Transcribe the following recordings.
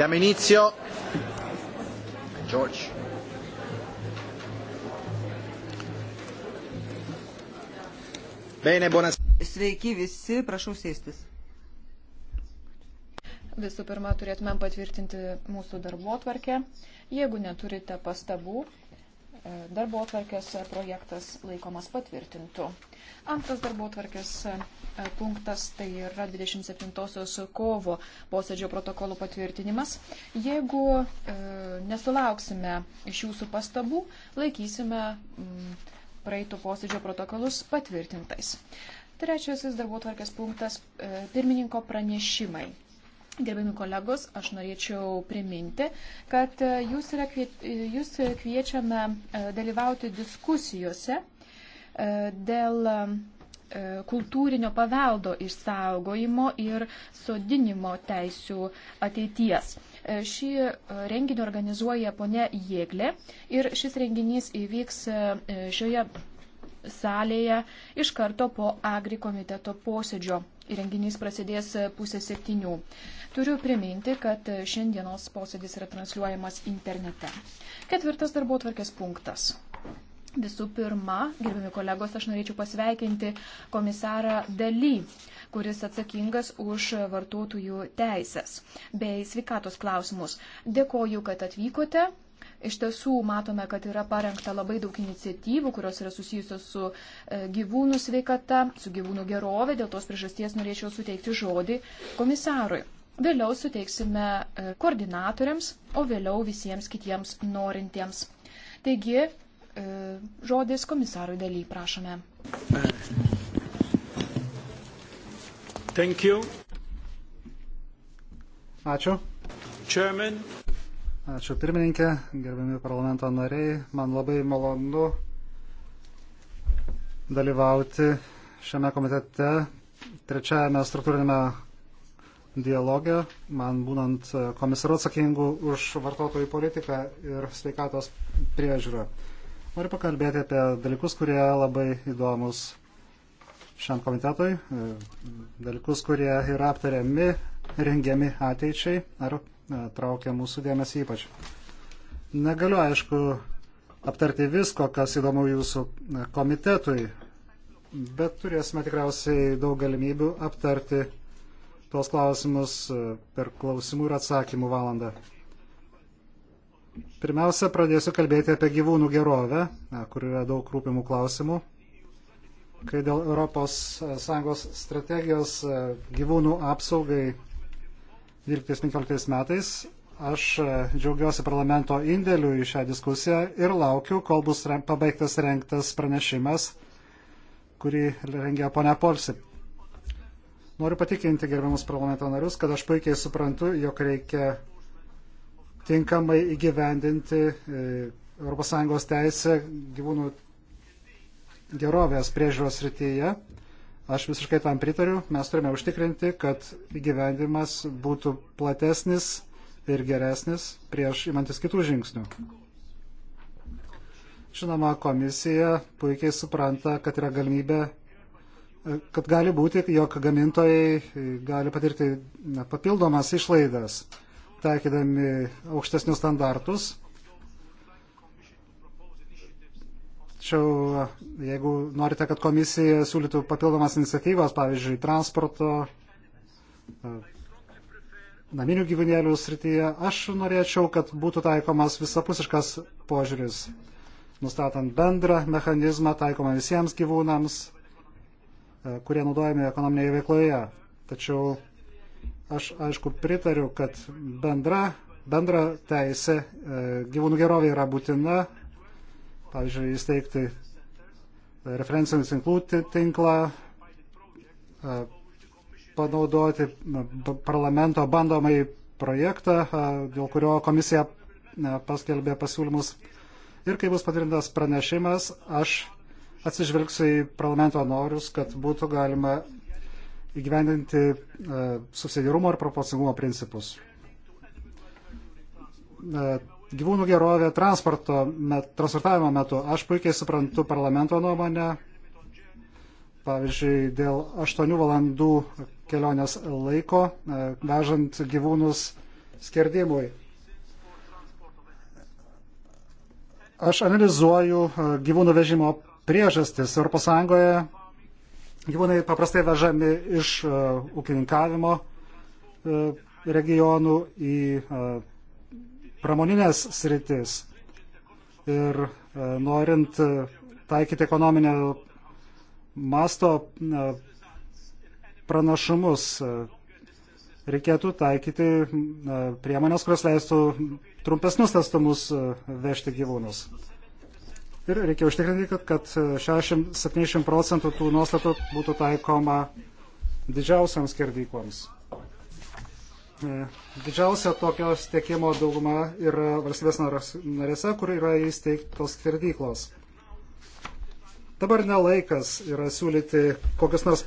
Diamo inizio. George. Bene, buonas... Sveiki visi, prašau sėstis. Visų pirma, turėtumėm patvirtinti mūsų darbo tvarkę. Jeigu neturite pastabų, E, darbo atvarkės e, projektas laikomas patvirtintu. Antras darbo atvarkės e, punktas tai yra 27 kovo posėdžio protokolų patvirtinimas. Jeigu e, nesulauksime iš jūsų pastabų, laikysime m, praeitų posėdžio protokolus patvirtintais. Trečiasis darbo atvarkės punktas e, - pirmininko pranešimai. Gerbimi kolegos, aš norėčiau priminti, kad e, jūs, yra, e, jūs kviečiame e, dalyvauti diskusijose dėl kultūrinio paveldo išsaugojimo ir sodinimo teisių ateities. Šį renginį organizuoja ponė Jėglė ir šis renginys įvyks šioje salėje iš karto po Agri komiteto posėdžio. Renginys prasidės pusę septynių. Turiu priminti, kad šiandienos posėdis yra transliuojamas internete. Ketvirtas darbo tvarkės punktas. Visų pirma, gerbiami kolegos, aš norėčiau pasveikinti komisarą Daly, kuris atsakingas už vartotojų teisės bei sveikatos klausimus. Dėkoju, kad atvykote. Iš tiesų matome, kad yra parengta labai daug iniciatyvų, kurios yra susijusios su e, gyvūnų sveikata, su gyvūnų gerovė. Dėl tos priežasties norėčiau suteikti žodį komisarui. Vėliau suteiksime e, koordinatoriams, o vėliau visiems kitiems norintiems. Taigi, e, žodis komisarui daly, prašome. Thank you. Ačiū. Chairman. Ačiū pirmininkė, gerbiami parlamento nariai. Man labai malonu dalyvauti šiame komitete trečiajame struktūrinėme dialogę, man būnant komisaru atsakingu už vartotojų politiką ir sveikatos priežiūrą. Noriu pakalbėti apie dalykus, kurie labai įdomus šiam komitetui, dalykus, kurie yra aptariami, rengiami ateičiai ar e, traukia mūsų dėmesį ypač. Negaliu, aišku, aptarti visko, kas įdomu jūsų e, komitetui, bet turėsime tikriausiai daug galimybių aptarti tuos klausimus e, per klausimų ir atsakymų valandą. Pirmiausia, pradėsiu kalbėti apie gyvūnų gerovę, kur yra daug rūpimų klausimų. Kai dėl ES e, strategijos e, gyvūnų apsaugai 12-15 metais, aš džiaugiuosi parlamento indėliu į šią diskusiją ir laukiu, kol bus pabaigtas renktas pranešimas, kurį rengia ponia Polsip. Noriu patikinti gerbiamus parlamento narius, kad aš puikiai suprantu, jog reikia tinkamai įgyvendinti e, ES teisę gyvūnų gerovės priežiūros rytyje. Aš visiškai tam pritariu. Mes turime užtikrinti, kad įgyvendimas būtų platesnis ir geresnis prieš imantis kitų žingsnių. Žinoma, komisija puikiai supranta, kad yra galimybė kad gali būti, jog gamintojai e, gali patirti papildomas išlaidas, taikydami aukštesnius standartus. Tačiau jeigu norite, kad komisija siūlytų papildomas iniciatyvas, pavyzdžiui, transporto, e, naminių gyvūnėlių srityje, aš norėčiau, kad būtų taikomas visapusiškas požiūris, nustatant bendrą mechanizmą taikomą visiems gyvūnams E, kurie naudojami ekonominėje veikloje. Tačiau aš aišku pritariu, kad bendra, bendra teisė e, gyvūnų gerovė yra būtina. Pavyzdžiui, įsteigti referencinių tinklų tinklą, e, panaudoti parlamento bandomai projektą, dėl kurio komisija paskelbė pasiūlymus. Ir kai bus patvirtintas pranešimas, aš atsižvelgs į parlamento norus, kad būtų galima įgyvendinti e, subsidiarumo ir proporcingumo principus. E, gyvūnų gerovė transporto, met, transportavimo metu. Aš puikiai suprantu parlamento nuomonę, pavyzdžiui, dėl 8 valandų kelionės laiko, e, vežant gyvūnus skerdimui. Aš analizuoju gyvūnų vežimo priežastis. Europos Sąjungoje gyvūnai paprastai vežami iš uh, ūkininkavimo uh, regionų į uh, pramoninės sritis. Ir uh, norint uh, taikyti ekonominio masto uh, pranašumus, uh, reikėtų taikyti uh, priemonės, kurios leistų trumpesnius testumus uh, vežti gyvūnus. Uh, Ir reikia užtikrinti, kad, kad 60-70 procentų tų nuostatų būtų taikoma didžiausiams skerdykloms. E, didžiausia tokios tiekimo dauguma yra valstybės narėse, kur yra įsteigtos skerdyklos. Dabar nelaikas yra siūlyti kokius nors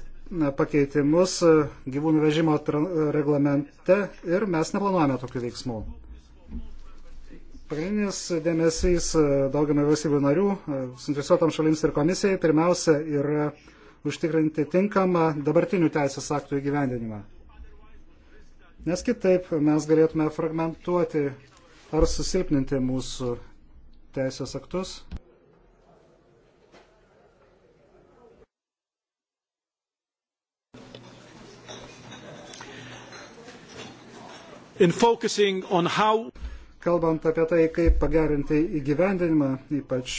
pakeitimus e, gyvūnų vežimo reglamente ir mes neplanuojame tokių veiksmų. Pagrindinis dėmesys e, daugiamai valstybių narių, e, suinteresuotams šalims ir komisijai pirmiausia yra užtikrinti tinkamą dabartinių teisės aktų įgyvendinimą. Nes kitaip mes galėtume fragmentuoti ar susilpninti mūsų teisės aktus. In focusing on how Kalbant apie tai, kaip pagerinti įgyvendinimą, ypač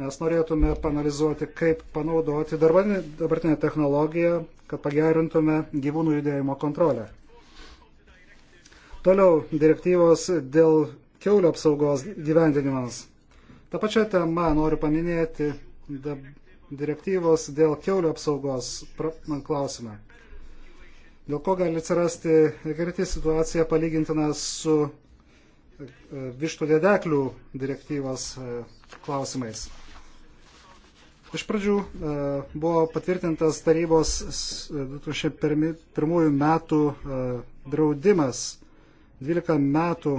mes norėtume panalizuoti, kaip panaudoti dabartinę technologiją, kad pagerintume gyvūnų judėjimo kontrolę. Toliau direktyvos dėl keulio apsaugos gyvendinimas. Ta pačia tema noriu paminėti direktyvos dėl keulio apsaugos klausimą. Dėl ko gali atsirasti gerti situacija palygintina su vištų dėdeklių direktyvos e, klausimais. Iš pradžių e, buvo patvirtintas tarybos 2001 e, metų draudimas 12 metų,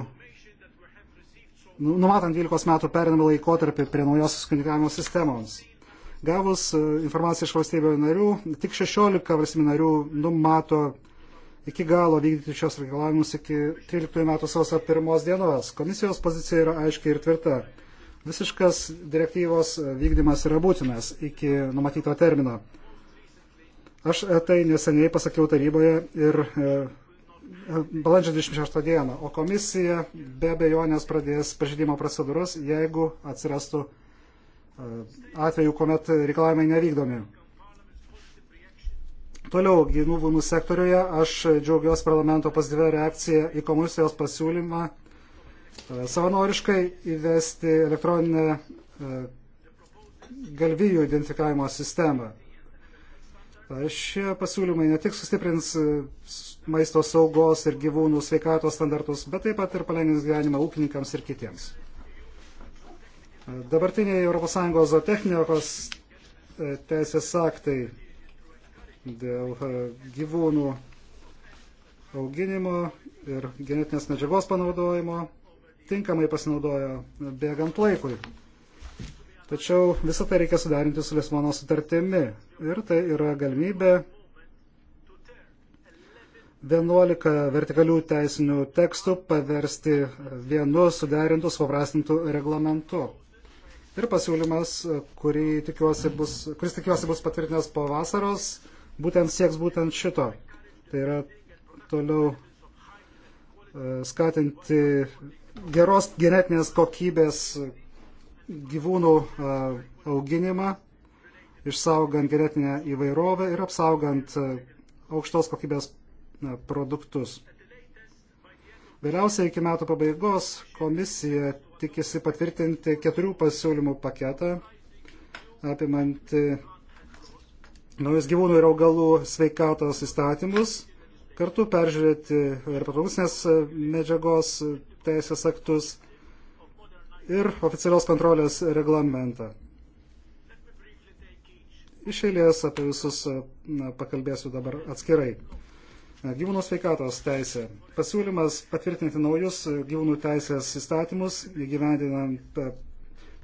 nu, numatant 12 metų perinamą laikotarpį prie naujosios komunikavimo sistemos. Gavus informaciją iš valstybių narių, tik 16 valstybių narių numato iki galo vykdyti šios reikalavimus iki 13 metų sausio pirmos dienos. Komisijos pozicija yra aiškiai ir tvirta. Visiškas direktyvos vykdymas yra būtinas iki numatyto termino. Aš e, tai neseniai pasakiau taryboje ir e, balandžio 26 dieną, o komisija be abejonės pradės pažydimo procedūras, jeigu atsirastų e, atveju, kuomet reikalavimai nevykdomi. Toliau, gyvūnų sektoriuje aš džiaugiuosi parlamento pozityvę reakciją į komisijos pasiūlymą e, savanoriškai įvesti elektroninę e, galvijų identifikavimo sistemą. E, šie pasiūlymai ne tik sustiprins maisto saugos ir gyvūnų sveikatos standartus, bet taip pat ir palengvins gyvenimą ūkininkams ir kitiems. Dabartiniai ES zootechnikos teisės aktai dėl e, gyvūnų auginimo ir genetinės medžiagos panaudojimo tinkamai pasinaudojo bėgant laikui. Tačiau visą tai reikia sudarinti su Lisbono sutartimi ir tai yra galimybė 11 vertikalių teisinių tekstų paversti vienu suderintų, suprastintų reglamentu. Ir pasiūlymas, tikiuosi bus, kuris tikiuosi bus patvirtinęs po vasaros, būtent sieks būtent šito. Tai yra toliau e, skatinti geros genetinės kokybės gyvūnų e, auginimą, išsaugant genetinę įvairovę ir apsaugant e, aukštos kokybės produktus. Vėliausiai iki metų pabaigos komisija tikisi patvirtinti keturių pasiūlymų paketą, apimantį naujus gyvūnų ir augalų sveikatos įstatymus, kartu peržiūrėti reprodukcinės medžiagos teisės aktus ir oficialios kontrolės reglamentą. Iš eilės apie visus na, pakalbėsiu dabar atskirai. Gyvūnų sveikatos teisė. Pasiūlymas patvirtinti naujus gyvūnų teisės įstatymus, įgyvendinant e,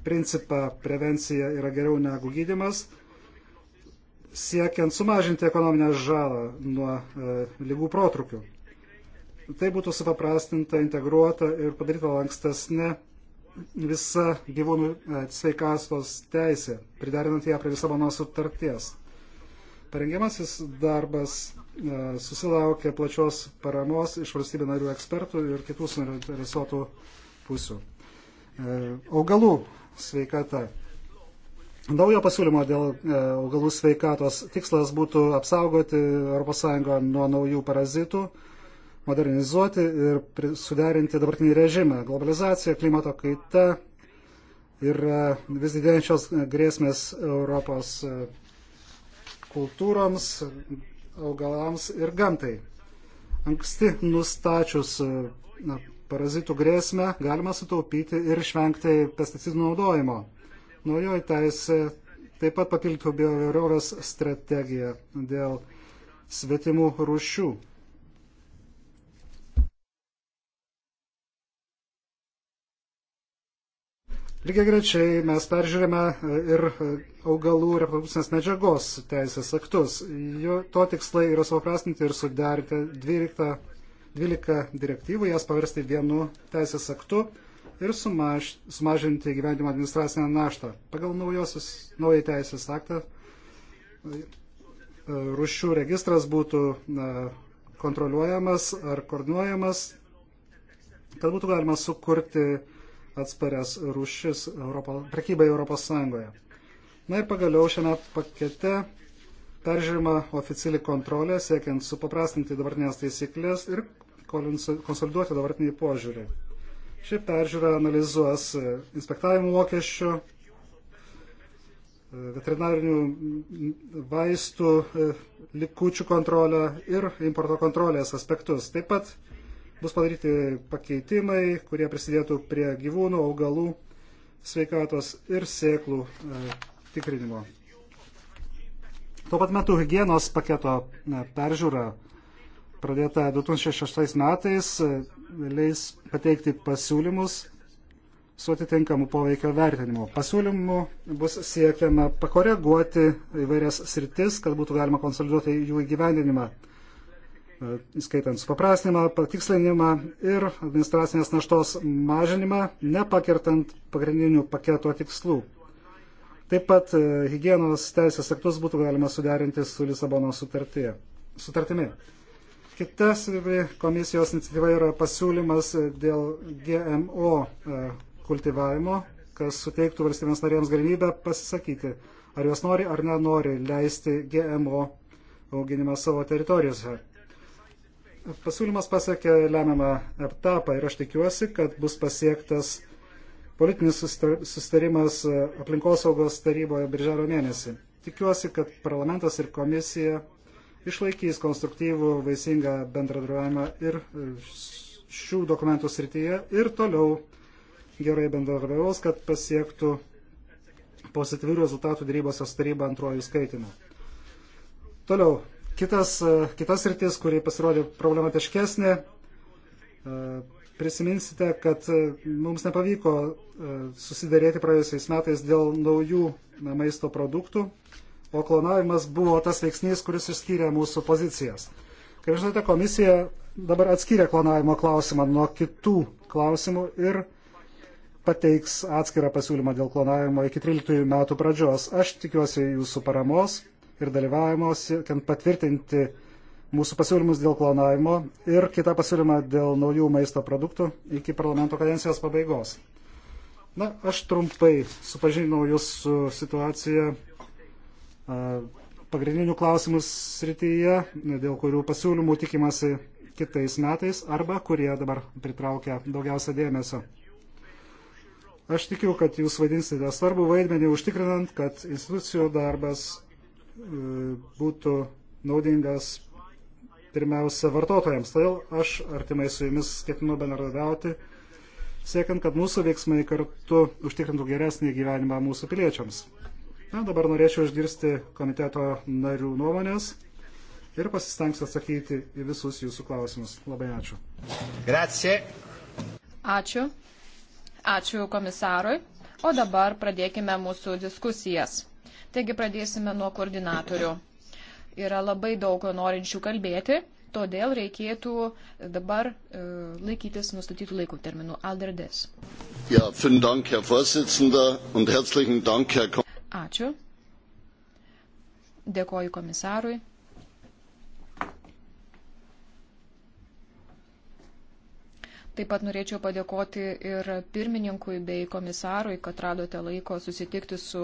principą prevencija yra geriau negu gydimas siekiant sumažinti ekonominę žalą nuo e, lygų protrukių. Tai būtų supaprastinta, integruota ir padaryta lankstesnė visa gyvūnų e, sveikatos teisė, pridarinant ją prie Lisabono sutarties. Parengiamasis darbas e, susilaukė plačios paramos iš valstybių narių ekspertų ir kitų suinteresuotų pusių. E, augalų sveikata Naujo pasiūlymo dėl e, augalų sveikatos tikslas būtų apsaugoti ES nuo naujų parazitų, modernizuoti ir suderinti dabartinį režimą. Globalizacija, klimato kaita ir e, vis didėjančios grėsmės Europos e, kultūroms, augalams ir gamtai. Anksti nustačius na, parazitų grėsmę galima sutaupyti ir išvengti pesticidų naudojimo Naujoji teisė taip pat papildytų bioįvairovės strategiją dėl svetimų rušių. Lygiai grečiai mes peržiūrėme ir augalų reprodukcinės medžiagos teisės aktus. Jo, to tikslai yra supaprastinti ir sudaryti 12, 12 direktyvų, jas paversti vienu teisės aktu ir sumaž, sumažinti gyvenimo administracinę naštą. Pagal naujosius, naują teisės aktą e, rušių registras būtų e, kontroliuojamas ar koordinuojamas, kad būtų galima sukurti atsparias rušis Europo, prekybai Europos Sąjungoje. Na ir pagaliau šiame pakete peržiūrima oficiali kontrolė, siekiant supaprastinti dabartinės taisyklės ir konsoliduoti dabartinį požiūrį. Ši peržiūra analizuos e, inspektavimo mokesčio, e, veterinarinių vaistų e, likučių kontrolę ir importo kontrolės aspektus. Taip pat bus padaryti pakeitimai, kurie prisidėtų prie gyvūnų, augalų, sveikatos ir sėklų tikrinimo. Tuo pat metu hygienos paketo peržiūra pradėta 2006 metais leis pateikti pasiūlymus su atitinkamu poveikio vertinimu. Pasiūlymų bus siekiama pakoreguoti įvairias sritis, kad būtų galima konsoliduoti jų įgyvendinimą, e, skaitant supaprastinimą, patikslinimą ir administracinės naštos mažinimą, nepakirtant pagrindinių paketo tikslų. Taip pat e, hygienos teisės aktus būtų galima suderinti su Lisabono sutartimi. Kita komisijos iniciatyva yra pasiūlymas dėl GMO e, kultivavimo, kas suteiktų valstybėms narėms galimybę pasisakyti, ar jos nori ar nenori leisti GMO auginimą savo teritorijose. Pasiūlymas pasiekė lemiamą etapą ir aš tikiuosi, kad bus pasiektas politinis susitarimas e, aplinkosaugos taryboje birželio mėnesį. Tikiuosi, kad parlamentas ir komisija išlaikys konstruktyvų, vaisingą bendradarbiavimą ir e, šių dokumentų srityje ir toliau gerai bendradarbiaus, kad pasiektų pozityvių rezultatų dėrybose su taryba antrojų skaitimų. Toliau, kitas, e, kitas rytis, kuri pasirodė problematiškesnė, e, prisiminsite, kad mums nepavyko susidarėti praėjusiais metais dėl naujų maisto produktų o klonavimas buvo tas veiksnys, kuris išskyrė mūsų pozicijas. Kaip žinote, komisija dabar atskyrė klonavimo klausimą nuo kitų klausimų ir pateiks atskirą pasiūlymą dėl klonavimo iki 13 metų pradžios. Aš tikiuosi jūsų paramos ir dalyvavimo, siekiant patvirtinti mūsų pasiūlymus dėl klonavimo ir kitą pasiūlymą dėl naujų maisto produktų iki parlamento kadencijos pabaigos. Na, aš trumpai supažinau jūs su situacija pagrindinių klausimų srityje, dėl kurių pasiūlymų tikimasi kitais metais arba kurie dabar pritraukia daugiausia dėmesio. Aš tikiu, kad jūs vaidinsite svarbu vaidmenį užtikrinant, kad institucijų darbas e, būtų naudingas pirmiausia vartotojams. Todėl aš artimai su jumis ketinu bendradarbiauti, siekiant, kad mūsų veiksmai kartu užtikrintų geresnį gyvenimą mūsų piliečiams. Na, dabar norėčiau išgirsti komiteto narių nuomonės ir pasistengsiu atsakyti į visus jūsų klausimus. Labai ačiū. Grazie. Ačiū. Ačiū komisarui. O dabar pradėkime mūsų diskusijas. Taigi pradėsime nuo koordinatorių. Yra labai daug norinčių kalbėti, todėl reikėtų dabar e, laikytis nustatytų laikų terminų. Alderdes. Ja, dank, Herr Vorsitzender, und herzlichen Dank, Herr Kom Ačiū. Dėkoju komisarui. Taip pat norėčiau padėkoti ir pirmininkui bei komisarui, kad radote laiko susitikti su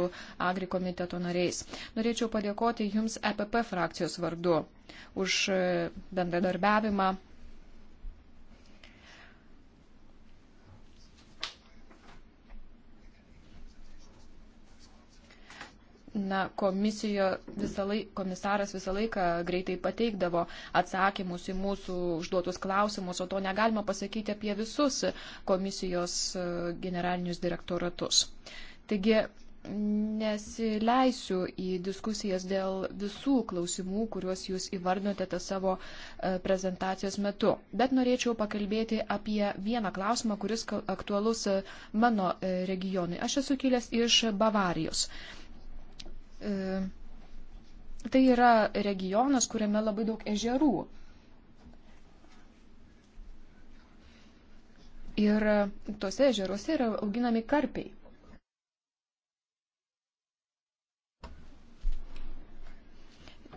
Agri komiteto nariais. Norėčiau padėkoti Jums EPP frakcijos vardu už bendradarbiavimą na, komisijo visą laiką, komisaras visą laiką greitai pateikdavo atsakymus į mūsų užduotus klausimus, o to negalima pasakyti apie visus komisijos e, generalinius direktoratus. Taigi nesileisiu į diskusijas dėl visų klausimų, kuriuos jūs įvardinote savo e, prezentacijos metu, bet norėčiau pakalbėti apie vieną klausimą, kuris aktualus e, mano regionui. Aš esu kilęs iš Bavarijos. E, tai yra regionas, kuriame labai daug ežerų. Ir tuose ežeruose yra auginami karpiai.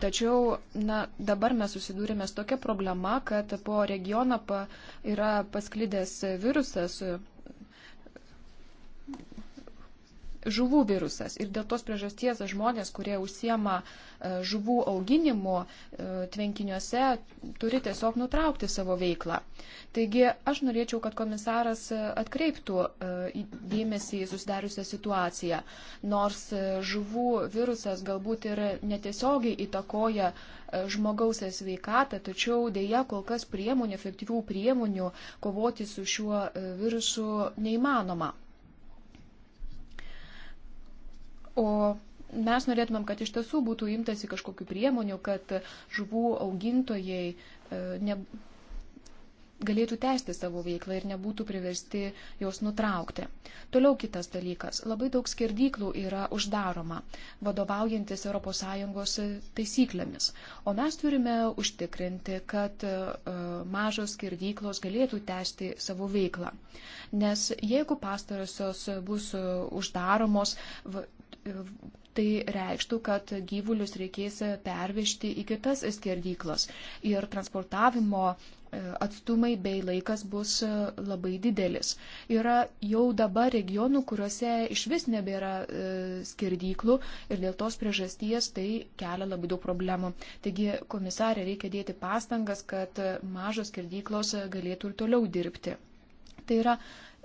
Tačiau na, dabar mes susidūrėme su tokia problema, kad po regioną pa, yra pasklidęs virusas, žuvų virusas. Ir dėl tos priežasties žmonės, kurie užsiema e, žuvų auginimu e, tvenkiniuose, turi tiesiog nutraukti savo veiklą. Taigi aš norėčiau, kad komisaras e, atkreiptų dėmesį į susidariusią situaciją. Nors žuvų virusas galbūt ir netiesiogiai įtakoja žmogaus sveikatą, tačiau dėja kol kas priemonių, efektyvių priemonių kovoti su šiuo virusu neįmanoma. O mes norėtumėm, kad iš tiesų būtų imtasi kažkokiu priemoniu, kad žuvų augintojai e, ne, galėtų tęsti savo veiklą ir nebūtų priversti jos nutraukti. Toliau kitas dalykas. Labai daug skirdyklų yra uždaroma, vadovaujantis ES taisyklėmis. O mes turime užtikrinti, kad e, mažos skirdyklos galėtų tęsti savo veiklą. Nes jeigu pastarosios bus e, uždaromos, tai reikštų, kad gyvulius reikės pervežti į kitas skerdyklas ir transportavimo e, atstumai bei laikas bus e, labai didelis. Yra jau dabar regionų, kuriuose iš vis nebėra e, skerdyklų ir dėl tos priežasties tai kelia labai daug problemų. Taigi, komisarė, reikia dėti pastangas, kad mažos skerdyklos galėtų ir toliau dirbti. Tai yra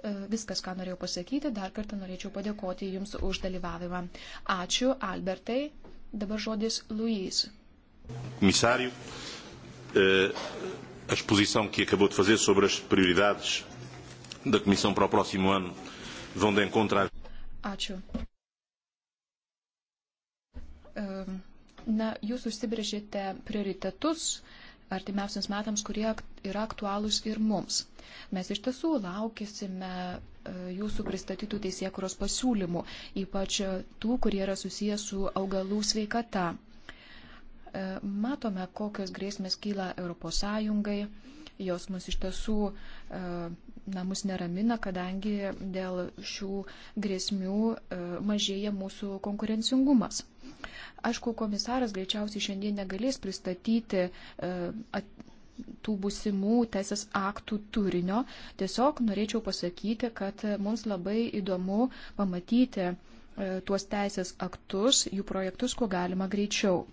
E, viskas, ką norėjau pasakyti. Dar kartą norėčiau padėkoti Jums už dalyvavimą. Ačiū, Albertai. Dabar žodis Luis. Comissário, e, a exposição que acabou de fazer sobre as prioridades da Comissão para o próximo ano vão de encontro às. Ačiū. E, na, jūs užsibrėžėte prioritetus artimiausiams metams, kurie yra aktualūs ir mums. Mes iš tiesų laukėsime e, jūsų pristatytų teisėkuros pasiūlymų, ypač e, tų, kurie yra susijęs su augalų sveikata. E, matome, kokios grėsmės kyla ES, jos mus iš tiesų na, mus neramina, kadangi dėl šių grėsmių e, mažėja mūsų konkurencingumas. Aišku, komisaras greičiausiai šiandien negalės pristatyti e, tų būsimų teisės aktų turinio. Tiesiog norėčiau pasakyti, kad mums labai įdomu pamatyti e, tuos teisės aktus, jų projektus, kuo galima greičiau.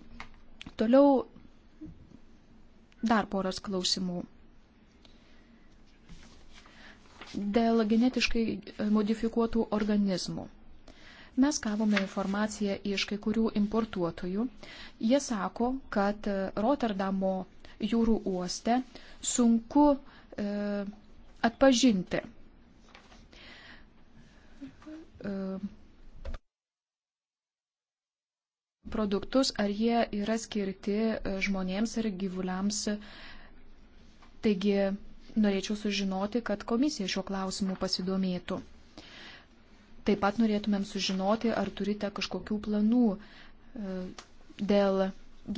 Toliau dar poras klausimų dėl genetiškai e, modifikuotų organizmų. Mes gavome informaciją iš kai kurių importuotojų. Jie sako, kad e, Rotterdamo jūrų uoste sunku e, atpažinti. E, produktus, ar jie yra skirti e, žmonėms ar gyvuliams. Taigi norėčiau sužinoti, kad komisija šiuo klausimu pasidomėtų. Taip pat norėtumėm sužinoti, ar turite kažkokių planų e, dėl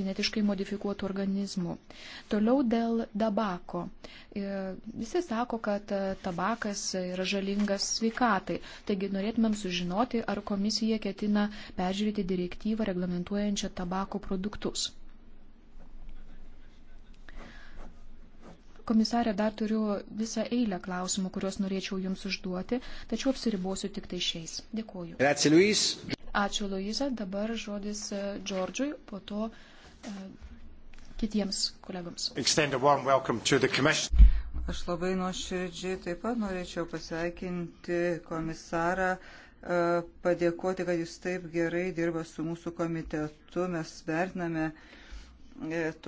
genetiškai modifikuotų organizmų. Toliau dėl tabako. E, visi sako, kad e, tabakas yra žalingas sveikatai. Taigi norėtumėm sužinoti, ar komisija ketina peržiūrėti direktyvą reglamentuojančią tabako produktus. Komisarė, dar turiu visą eilę klausimų, kuriuos norėčiau Jums užduoti, tačiau apsiribosiu tik tai šiais. Dėkuoju. Grazie, Luis. Ačiū, Luiza. Dabar žodis e, Džordžui, po to uh, kitiems kolegams. Aš labai nuoširdžiai taip pat norėčiau pasveikinti komisarą, e, padėkoti, kad jūs taip gerai dirba su mūsų komitetu. Mes vertiname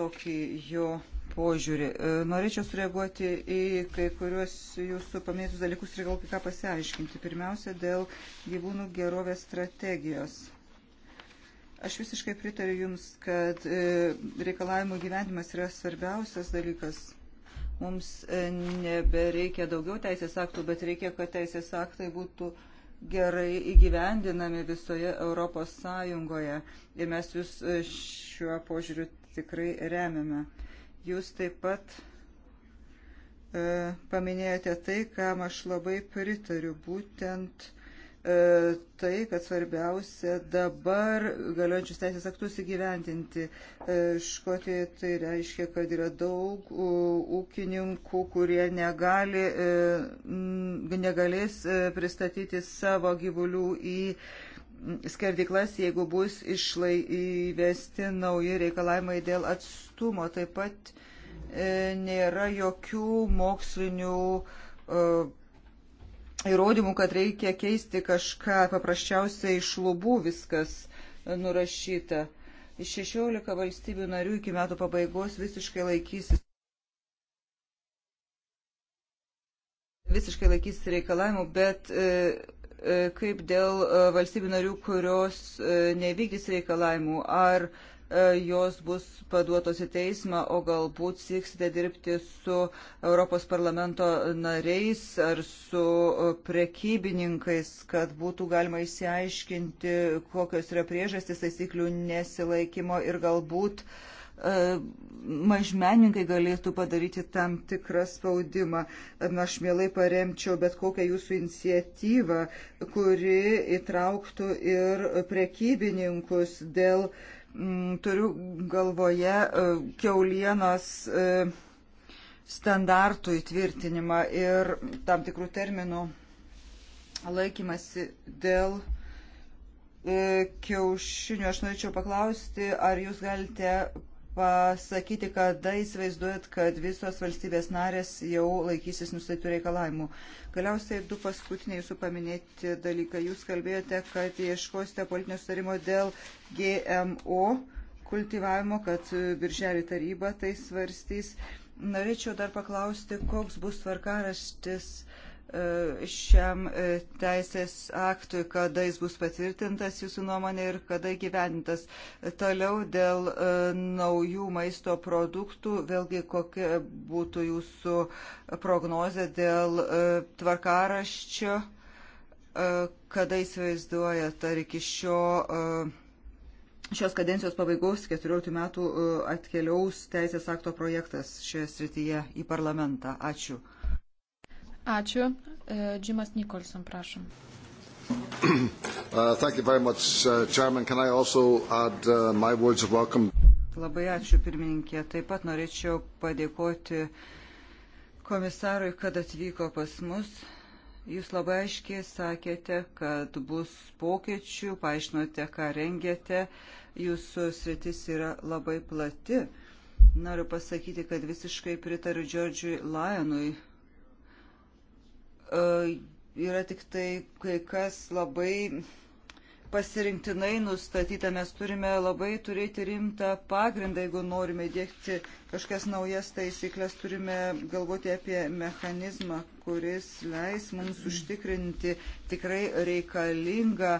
tokį jo požiūrį. E, norėčiau sureaguoti į kai kuriuos jūsų paminėtus dalykus ir gal kai ką pasiaiškinti. Pirmiausia, dėl gyvūnų gerovės strategijos. Aš visiškai pritariu Jums, kad e, reikalavimų gyvenimas yra svarbiausias dalykas. Mums e, nebereikia daugiau teisės aktų, bet reikia, kad teisės aktai būtų gerai įgyvendinami visoje Europos Sąjungoje. Ir mes Jūs šiuo požiūriu tikrai remiame. Jūs taip pat e, paminėjote tai, kam aš labai pritariu, būtent e, tai, kad svarbiausia dabar galiojančius teisės aktus įgyventinti. E, Škotijoje tai reiškia, kad yra daug u, ūkininkų, kurie negali, e, negalės e, pristatyti savo gyvulių į skerdiklas, jeigu bus išlai įvesti nauji reikalavimai dėl atstovų lankstumo, taip pat e, nėra jokių mokslinių e, įrodymų, kad reikia keisti kažką, paprasčiausiai iš lubų viskas e, nurašyta. 16 valstybių narių iki metų pabaigos visiškai laikysis. Visiškai laikysis reikalavimų, bet e, E, kaip dėl e, valstybių narių, kurios e, nevykdys reikalavimų, ar jos bus paduotos į teismą, o galbūt sieksite dirbti su Europos parlamento nariais ar su prekybininkais, kad būtų galima išsiaiškinti, kokios yra priežastys taisyklių nesilaikymo ir galbūt uh, E, mažmeninkai galėtų padaryti tam tikrą spaudimą. Aš mielai paremčiau bet kokią jūsų iniciatyvą, kuri įtrauktų ir prekybininkus dėl, m, mm, turiu galvoje, e, keulienos e, standartų įtvirtinimą ir tam tikrų terminų laikymasi dėl kiaušinių. Aš norėčiau paklausti, ar jūs galite pasakyti, kada įsivaizduojat, kad visos valstybės narės jau laikysis nustatytų reikalavimų. Galiausiai du paskutiniai jūsų paminėti dalykai. Jūs kalbėjote, kad ieškosite politinio sutarimo dėl GMO kultivavimo, kad birželį taryba tai svarstys. Norėčiau dar paklausti, koks bus tvarkaraštis E, šiam e, teisės aktui, kada jis bus patvirtintas jūsų nuomonė ir kada gyvenintas. Toliau dėl e, naujų maisto produktų, vėlgi kokia būtų jūsų prognozė dėl tvarkaraščio, kada įsivaizduojat, ar iki šio, šios kadencijos pabaigos 14 metų atkeliaus teisės akto projektas šioje srityje į parlamentą. Ačiū. Ačiū. E, Džimas Nikolson, prašom. Uh, thank you very much, uh, Chairman. Can I also add uh, my words of welcome? Labai ačiū pirmininkė. Taip pat norėčiau padėkoti komisarui, kad atvyko pas mus. Jūs labai aiškiai sakėte, kad bus pokyčių, paaiškinote, ką rengėte. Jūsų sritis yra labai plati. Noriu pasakyti, kad visiškai pritariu Džordžiui Lajonui E, yra tik tai kai kas labai pasirinktinai nustatyta. Mes turime labai turėti rimtą pagrindą, jeigu norime dėkti kažkas naujas taisyklės, turime galvoti apie mechanizmą, kuris leis mums užtikrinti tikrai reikalingą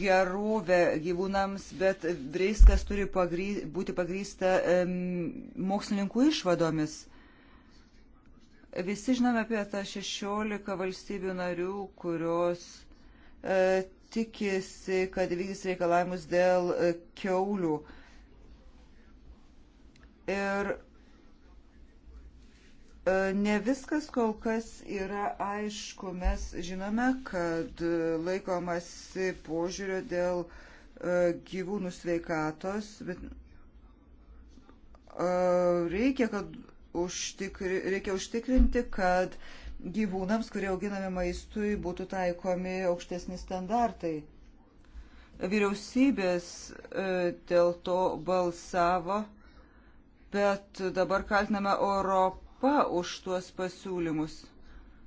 gerovę gyvūnams, bet viskas turi pagry, būti pagrysta um, mokslininkų išvadomis. Visi žinome apie tą 16 valstybių narių, kurios e, tikisi, kad vykdys reikalavimus dėl e, keulių. Ir e, Ne viskas kol kas yra aišku. Mes žinome, kad e, laikomasi požiūrio dėl e, gyvūnų sveikatos, bet reikia, kad užtikri, reikia užtikrinti, kad gyvūnams, kurie auginami maistui, būtų taikomi aukštesni standartai. Vyriausybės e, dėl to balsavo, bet dabar kaltiname Europą už tuos pasiūlymus.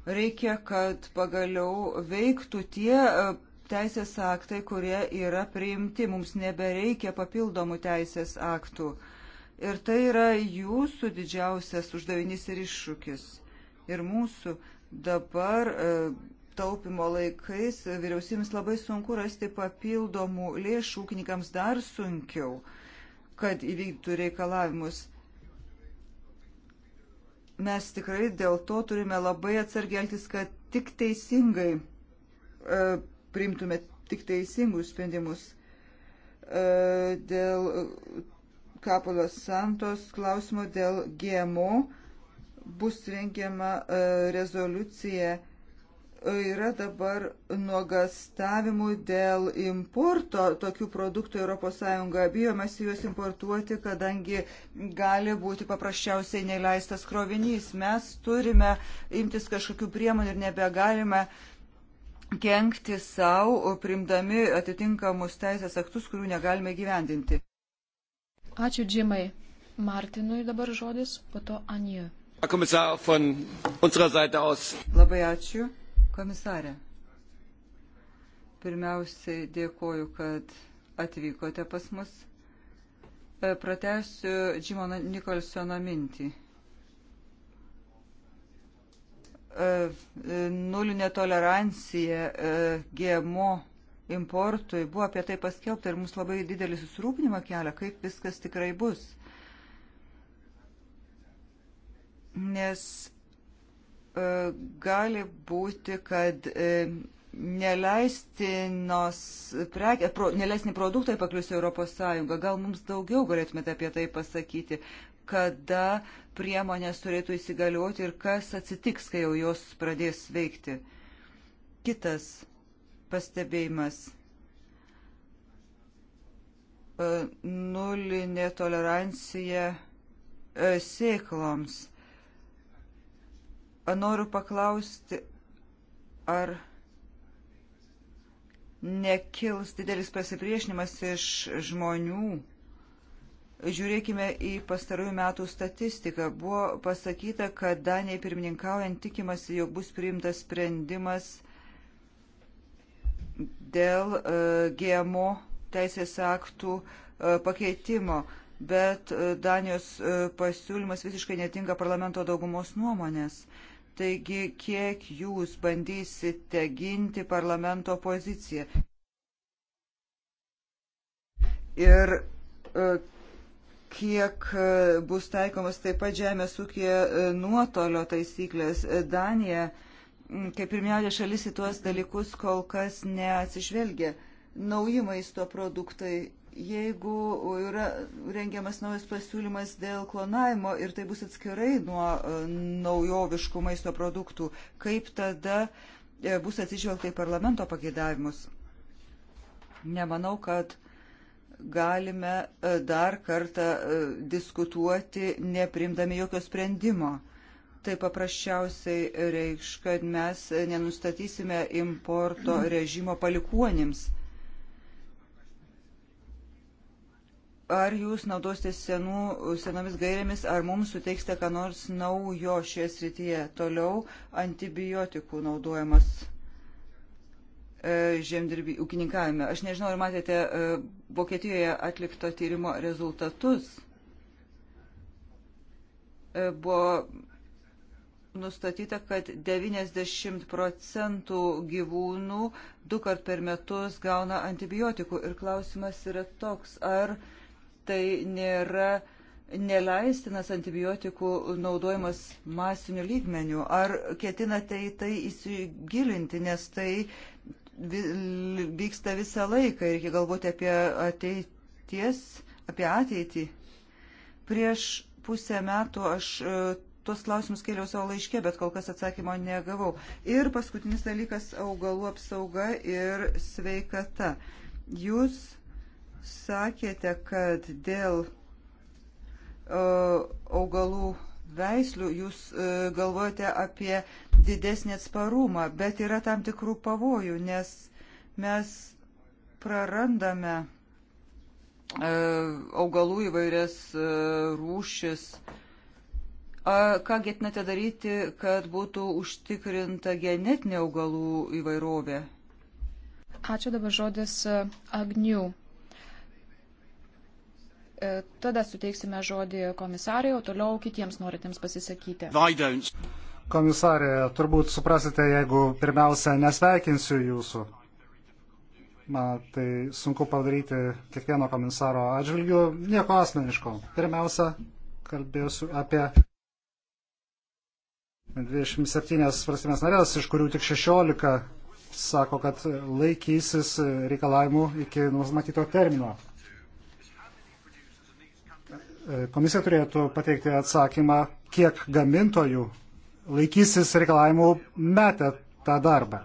Reikia, kad pagaliau veiktų tie e, teisės aktai, kurie yra priimti. Mums nebereikia papildomų teisės aktų. Ir tai yra jūsų didžiausias uždavinys ir iššūkis. Ir mūsų dabar e, taupimo laikais vyriausybėms labai sunku rasti papildomų lėšų ūkininkams dar sunkiau, kad įvykdytų reikalavimus. Mes tikrai dėl to turime labai atsargeltis, kad tik teisingai e, priimtume tik teisingus sprendimus. E, dėl Kapulos Santos klausimo dėl GMO bus rengiama e, rezoliucija. E, yra dabar nuogastavimų dėl importo tokių produktų ES. Bijomasi juos importuoti, kadangi gali būti paprasčiausiai neleistas krovinys. Mes turime imtis kažkokių priemonių ir nebegalime kenkti savo, primdami atitinkamus teisės aktus, kurių negalime gyvendinti. Ačiū Džimai. Martinui dabar žodis, po to Anijui. Labai ačiū, komisarė. Pirmiausiai dėkoju, kad atvykote pas mus. E, Pratesiu Džimono Nikolsono mintį. E, e, nulinė tolerancija GMO importui. Buvo apie tai paskelbta ir mums labai didelį susirūpinimą kelia, kaip viskas tikrai bus. Nes e, gali būti, kad e, neleistinos prekė, pro, neleistini produktai paklius Europos Sąjungą. Gal mums daugiau galėtumėte apie tai pasakyti, kada priemonės turėtų įsigalioti ir kas atsitiks, kai jau jos pradės veikti. Kitas pastebėjimas. E, Nulinė tolerancija e, sėkloms. E, noriu paklausti, ar nekils didelis pasipriešinimas iš žmonių. Žiūrėkime į pastarųjų metų statistiką. Buvo pasakyta, kad Danijai pirmininkaujant tikimasi, jog bus priimtas sprendimas dėl e, GMO teisės aktų e, pakeitimo, bet e, Danijos pasiūlymas visiškai netinka parlamento daugumos nuomonės. Taigi, kiek jūs bandysite ginti parlamento poziciją? Ir kiek bus taikomas taip pat žemės ūkė nuotolio taisyklės Danija Mm, kaip ir minėjote, šalis į tuos dalykus kol kas neatsižvelgia. Nauji maisto produktai, jeigu yra rengiamas naujas pasiūlymas dėl klonavimo ir tai bus atskirai nuo e, naujoviškų maisto produktų, kaip tada e, bus atsižvelgta į parlamento pageidavimus? Nemanau, kad galime e, dar kartą diskutuoti, neprimdami jokio sprendimo tai paprasčiausiai reikš, kad mes nenustatysime importo režimo palikuonims. Ar jūs naudositės senų, senomis gairėmis, ar mums suteiksite ką nors naujo šioje srityje? Toliau antibiotikų naudojimas e, žemdirbį ūkininkavime. Aš nežinau, ar matėte e, Vokietijoje atlikto tyrimo rezultatus. E, buvo nustatyta, kad 90 procentų gyvūnų du kart per metus gauna antibiotikų. Ir klausimas yra toks, ar tai nėra neleistinas antibiotikų naudojimas masiniu lygmeniu. Ar ketinate į tai įsigilinti, nes tai vyksta visą laiką ir reikia galvoti apie ateities, apie ateitį. Prieš pusę metų aš tuos klausimus kėliau savo laiške, bet kol kas atsakymo negavau. Ir paskutinis dalykas - augalų apsauga ir sveikata. Jūs sakėte, kad dėl uh, augalų veislių jūs uh, galvojate apie didesnį atsparumą, bet yra tam tikrų pavojų, nes mes prarandame e, augalų įvairias rūšis, Ką ketinate daryti, kad būtų užtikrinta genetinė augalų įvairovė? Ačiū dabar žodis agnių. E, tada suteiksime žodį komisariai, o toliau kitiems norintiems pasisakyti. Komisarė, turbūt suprasite, jeigu pirmiausia nesveikinsiu jūsų. Na, tai sunku padaryti kiekvieno komisaro atžvilgių, nieko asmeniško. Pirmiausia, kalbėsiu apie 27 valstybės narės, iš kurių tik 16 sako, kad laikysis reikalavimų iki numatyto termino. Komisija turėtų pateikti atsakymą, kiek gamintojų laikysis reikalavimų metę tą darbą,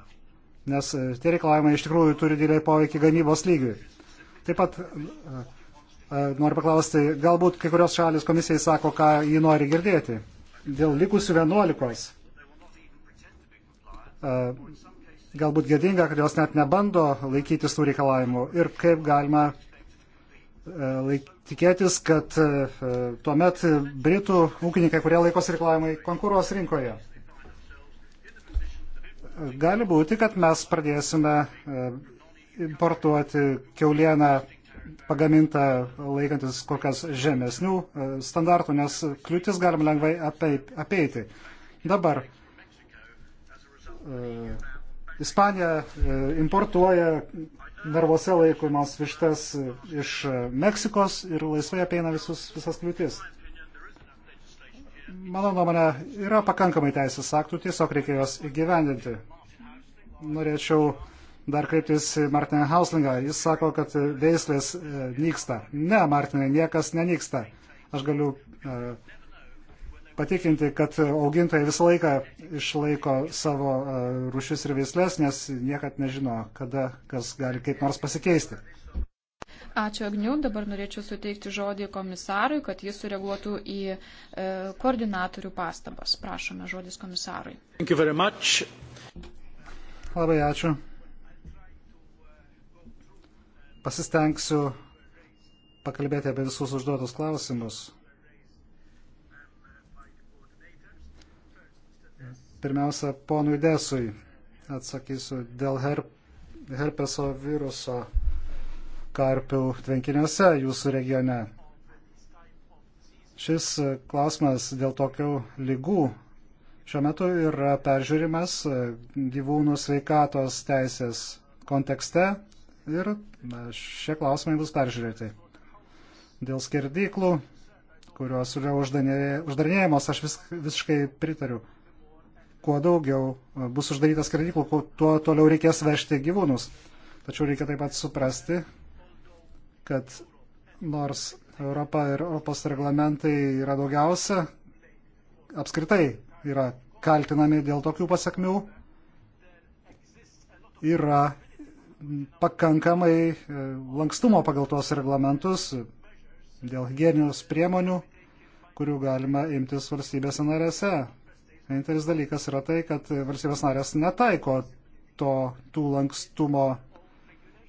nes tie reikalavimai iš tikrųjų turi didelį poveikį gamybos lygiui. Taip pat e, e, noriu paklausti, galbūt kai kurios šalis komisijai sako, ką jį nori girdėti dėl likusių 11. Galbūt gėdinga, kad jos net nebando laikytis tų reikalavimų ir kaip galima laik, tikėtis, kad tuomet Britų ūkininkai, kurie laikosi reikalavimai, konkuruos rinkoje. Gali būti, kad mes pradėsime importuoti keulieną pagaminta laikantis kur kas žemesnių e, standartų, nes kliūtis galim lengvai apeiti. Dabar e, Ispanija e, importuoja narvuose laikomas vištas iš Meksikos ir laisvai apeina visus, visas kliūtis. Mano nuomonė, yra pakankamai teisės aktų, tiesiog reikia juos įgyvendinti. Norėčiau uh, dar kreiptis į Martiną Hauslingą. Jis sako, kad veislės e, nyksta. Ne, Martinai, niekas nenyksta. Aš galiu e, patikinti, kad augintojai visą laiką išlaiko savo e, rušius ir veislės, nes niekad nežino, kada kas gali kaip nors pasikeisti. Ačiū Agniu, dabar norėčiau suteikti žodį komisarui, kad jis sureaguotų į e, koordinatorių pastabas. Prašome žodis komisarui. Labai ačiū. Pasistengsiu pakalbėti apie visus užduotus klausimus. Pirmiausia, ponui Desui atsakysiu dėl herp, herpeso viruso karpių tvenkiniuose jūsų regione. Šis klausimas dėl tokių lygų šiuo metu yra peržiūrimas gyvūnų sveikatos teisės kontekste ir šie klausimai bus peržiūrėti. Dėl skerdyklų, kurios yra uždarinėjamos, aš vis, visiškai pritariu. Kuo daugiau e, bus uždaryta skerdyklų, tuo toliau reikės vežti gyvūnus. Tačiau reikia taip pat suprasti, kad nors Europa ir Europos reglamentai yra daugiausia, apskritai yra kaltinami dėl tokių pasakmių, yra pakankamai e, lankstumo pagal tuos reglamentus dėl hygienijos priemonių, kurių galima imtis valstybės narėse. Vienintelis dalykas yra tai, kad valstybės narės netaiko to, tų lankstumo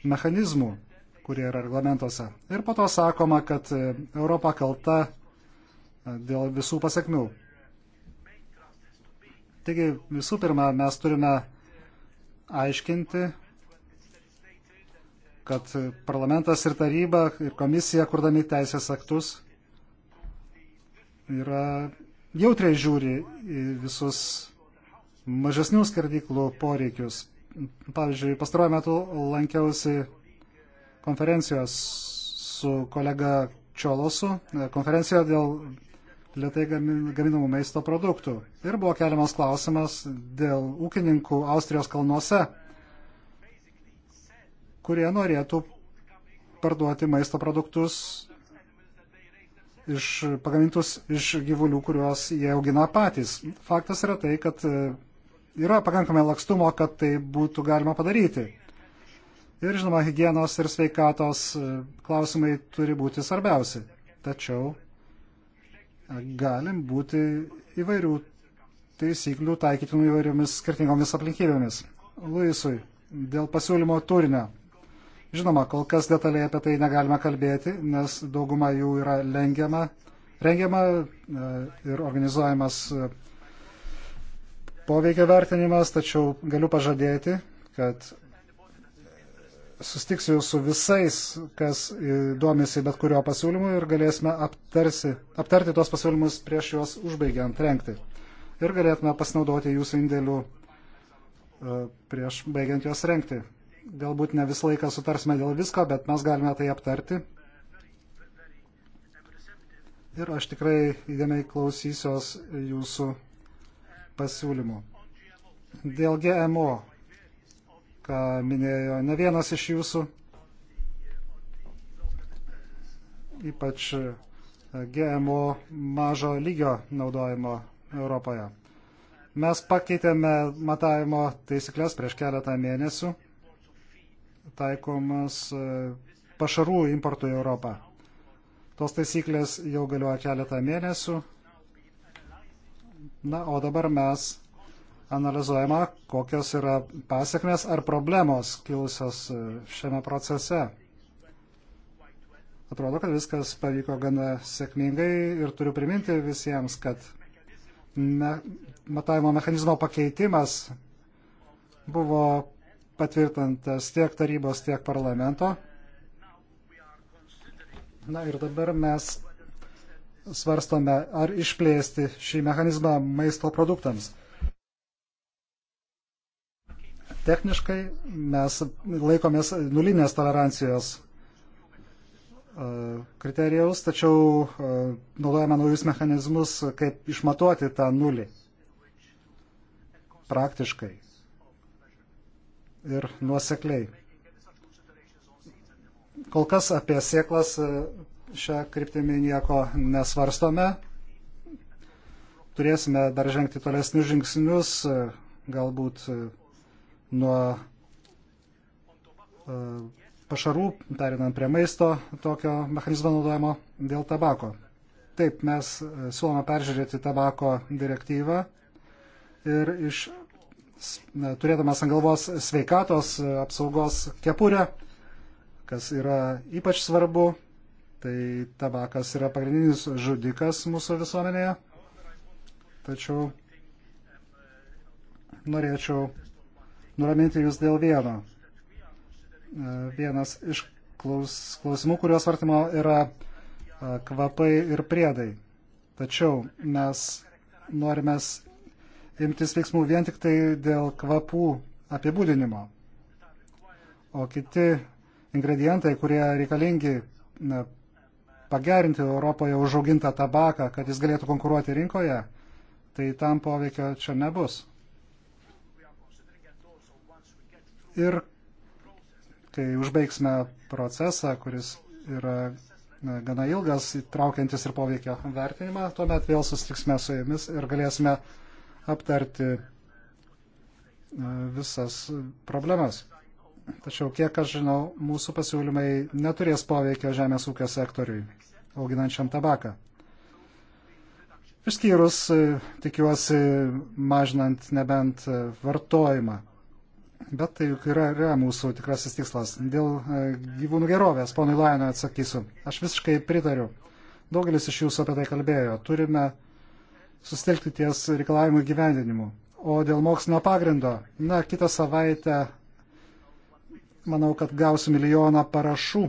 mechanizmų, kurie yra reglamentuose. Ir po to sakoma, kad e, Europa kalta e, dėl visų pasiekmių. Taigi visų pirma, mes turime aiškinti kad parlamentas ir taryba ir komisija, kurdami teisės aktus, yra jautriai žiūri į visus mažesnių skardyklų poreikius. Pavyzdžiui, pastaruoju metu lankiausi konferencijos su kolega Čiolosu, konferencijoje dėl lietai gaminamų maisto produktų. Ir buvo keliamas klausimas dėl ūkininkų Austrijos kalnuose kurie norėtų parduoti maisto produktus iš, pagamintus iš gyvulių, kuriuos jie augina patys. Faktas yra tai, kad e, yra pakankamai lakstumo, kad tai būtų galima padaryti. Ir žinoma, hygienos ir sveikatos e, klausimai turi būti svarbiausi. Tačiau e, galim būti įvairių taisyklių taikytinų įvairiomis skirtingomis aplinkybėmis. Luisui, dėl pasiūlymo turinio. Žinoma, kol kas detaliai apie tai negalime kalbėti, nes dauguma jų yra lengiama, rengiama e, ir organizuojamas e, poveikio vertinimas, tačiau galiu pažadėti, kad sustiksiu su visais, kas e, domisi bet kurio pasiūlymu ir galėsime aptarsi, aptarti tuos pasiūlymus prieš juos užbaigiant renkti. Ir galėtume pasinaudoti jūsų indėlių prieš baigiant juos renkti galbūt ne visą laiką sutarsime dėl visko, bet mes galime tai aptarti. Ir aš tikrai įdėmiai klausysios jūsų pasiūlymų. Dėl GMO, ką minėjo ne vienas iš jūsų, ypač GMO mažo lygio naudojimo Europoje. Mes pakeitėme matavimo taisyklės prieš keletą mėnesių taikomas e, pašarų importui į Europą. Tos taisyklės jau galioja keletą mėnesių. Na, o dabar mes analizuojama, kokios yra pasiekmes ar problemos kilusios e, šiame procese. Atrodo, kad viskas pavyko gana sėkmingai ir turiu priminti visiems, kad me, matavimo mechanizmo pakeitimas buvo patvirtintas tiek tarybos, tiek parlamento. Na ir dabar mes svarstome, ar išplėsti šį mechanizmą maisto produktams. Techniškai mes laikomės nulinės tolerancijos e, kriterijaus, tačiau e, naudojame naujus mechanizmus, kaip išmatuoti tą nulį praktiškai ir nuosekliai. Kol kas apie sieklas e, šią kryptimį nieko nesvarstome. Turėsime dar žengti tolesnius žingsnius, e, galbūt e, nuo pašarų, perinant prie maisto tokio mechanizmo naudojimo dėl tabako. Taip, mes siūlome peržiūrėti tabako direktyvą ir iš turėdamas ant galvos sveikatos e, apsaugos kepurę, kas yra ypač svarbu, tai tabakas yra pagrindinis žudikas mūsų visuomenėje. Tačiau norėčiau nuraminti jūs dėl vieno. E, vienas iš klaus, klausimų, kuriuos vartimo yra e, kvapai ir priedai. Tačiau mes norime imtis veiksmų vien tik tai dėl kvapų apibūdinimo. O kiti ingredientai, kurie reikalingi na, pagerinti Europoje užaugintą tabaką, kad jis galėtų konkuruoti rinkoje, tai tam poveikio čia nebus. Ir kai užbaigsime procesą, kuris yra gana ilgas, traukiantis ir poveikio vertinimą, tuomet vėl susitiksime su jumis ir galėsime aptarti e, visas problemas. Tačiau, kiek aš žinau, mūsų pasiūlymai neturės poveikio žemės ūkio sektoriui, auginančiam tabaką. Išskyrus, e, tikiuosi, mažinant nebent e, vartojimą. Bet tai juk yra, yra mūsų tikrasis tikslas. Dėl gyvūnų gerovės, ponui Lainui atsakysiu. Aš visiškai pritariu. Daugelis iš jūsų apie tai kalbėjo. Turime uh, susitelkti ties reikalavimų gyvendinimu. O dėl mokslinio pagrindo, na, kitą savaitę manau, kad gausiu milijoną parašų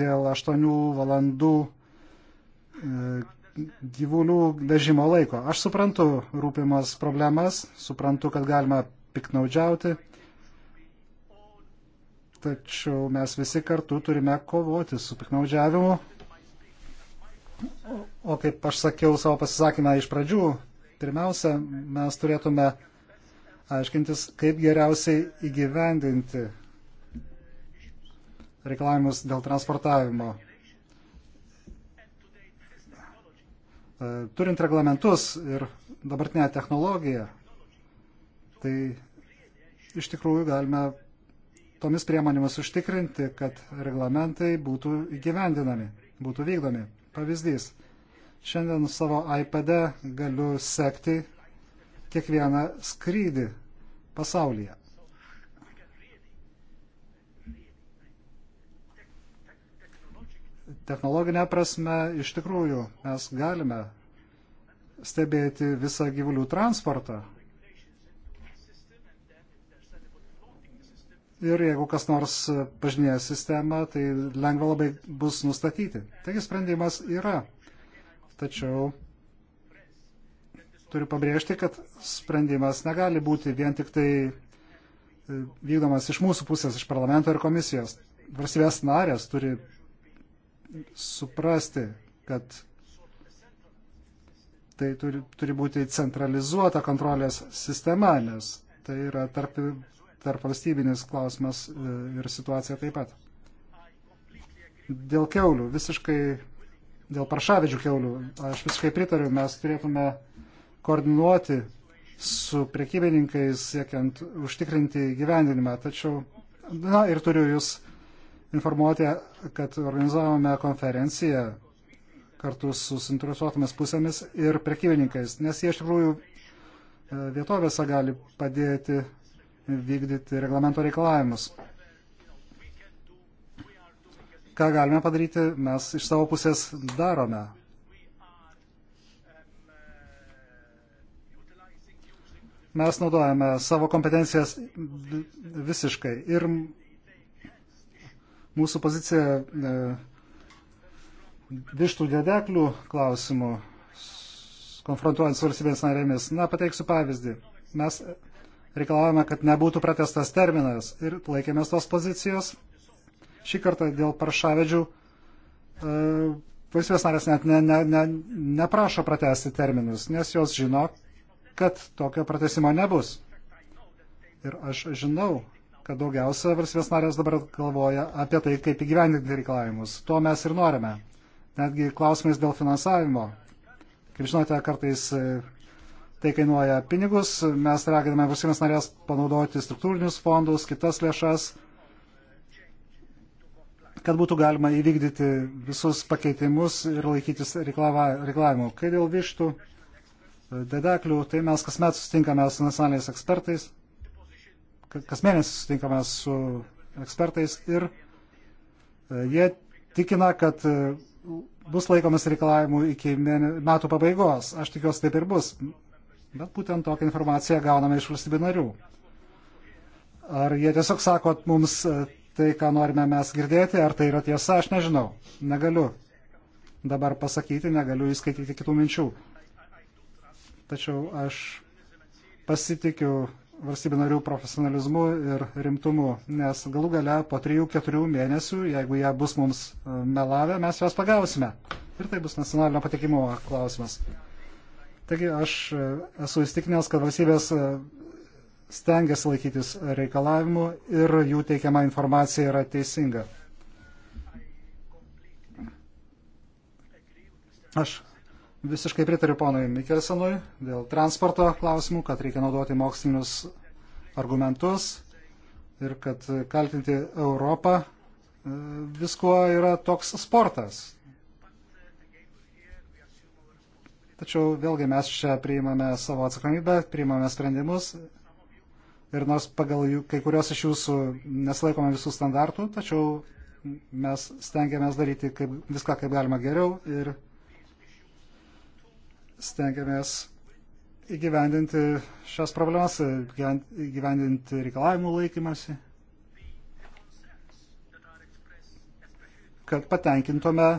dėl 8 valandų e, gyvulių vežimo laiko. Aš suprantu rūpimas problemas, suprantu, kad galima piknaudžiauti, tačiau mes visi kartu turime kovoti su piknaudžiavimu O kaip aš sakiau savo pasisakymą iš pradžių, pirmiausia, mes turėtume aiškintis, kaip geriausiai įgyvendinti reikalavimus dėl transportavimo. E, turint reglamentus ir dabartinę technologiją, tai iš tikrųjų galime tomis priemonėmis užtikrinti, kad reglamentai būtų įgyvendinami, būtų vykdomi. Pavyzdys. Šiandien savo iPad e galiu sekti kiekvieną skrydį pasaulyje. Technologinė prasme, iš tikrųjų, mes galime stebėti visą gyvulių transportą ir jeigu kas nors pažinėja sistemą, tai lengva labai bus nustatyti. Taigi sprendimas yra. Tačiau turiu pabrėžti, kad sprendimas negali būti vien tik tai e, vykdomas iš mūsų pusės, iš parlamento ir komisijos. Varsybės narės turi suprasti, kad tai turi, turi būti centralizuota kontrolės sistema, nes tai yra tarp tarp valstybinis klausimas e, ir situacija taip pat. Dėl keulių, visiškai, dėl paršavedžių keulių, aš visiškai pritariu, mes turėtume koordinuoti su prekybininkais siekiant užtikrinti gyvendinimą. Tačiau, na ir turiu jūs informuoti, kad organizavome konferenciją kartu su suinteresuotomis pusėmis ir prekybininkais, nes jie iš tikrųjų e, vietovėse gali padėti vykdyti reglamento reikalavimus. Ką galime padaryti, mes iš savo pusės darome. Mes naudojame savo kompetencijas visiškai ir mūsų pozicija e, vištų dėdeklių klausimų konfrontuojant su valstybės narėmis. Na, pateiksiu pavyzdį. Mes reikalavome, kad nebūtų pratestas terminas ir laikėmės tos pozicijos. Šį kartą dėl paršavedžių e, valstybės narės net ne, ne, ne, neprašo pratesti terminus, nes jos žino, kad tokio pratesimo nebus. Ir aš žinau, kad daugiausia valstybės narės dabar galvoja apie tai, kaip įgyvendinti reikalavimus. To mes ir norime. Netgi klausimais dėl finansavimo. Kaip žinote, kartais e, Tai kainuoja pinigus, mes raginame valstybės narės panaudoti struktūrinius fondus, kitas lėšas, kad būtų galima įvykdyti visus pakeitimus ir laikytis reikalavimų. Kai dėl vištų e, dedeklių, tai mes kasmet sustinkame su nacionaliniais ekspertais, kas mėnesį sustinkame su ekspertais ir e, jie tikina, kad e, bus laikomas reikalavimų iki metų pabaigos. Aš tikiuosi taip ir bus. Bet būtent tokią informaciją gauname iš valstybių narių. Ar jie tiesiog sako mums e, tai, ką norime mes girdėti, ar tai yra tiesa, aš nežinau. Negaliu dabar pasakyti, negaliu įskaityti kitų minčių. Tačiau aš pasitikiu valstybių narių profesionalizmu ir rimtumu, nes galų gale po 3-4 mėnesių, jeigu jie bus mums e, melavę, mes juos pagausime. Ir tai bus nacionalinio patikimo klausimas. Taigi aš e, esu įstikinęs, kad valstybės e, stengiasi laikytis reikalavimų ir jų teikiama informacija yra teisinga. Aš visiškai pritariu ponui Mikelsenui dėl transporto klausimų, kad reikia naudoti mokslinius argumentus ir kad kaltinti Europą e, viskuo yra toks sportas. Tačiau vėlgi mes čia priimame savo atsakomybę, priimame sprendimus ir nors pagal jų, kai kurios iš jūsų nesilaikome visų standartų, tačiau mes stengiamės daryti kaip, viską kaip galima geriau ir stengiamės įgyvendinti šias problemas, įgyvendinti reikalavimų laikymasi, kad patenkintume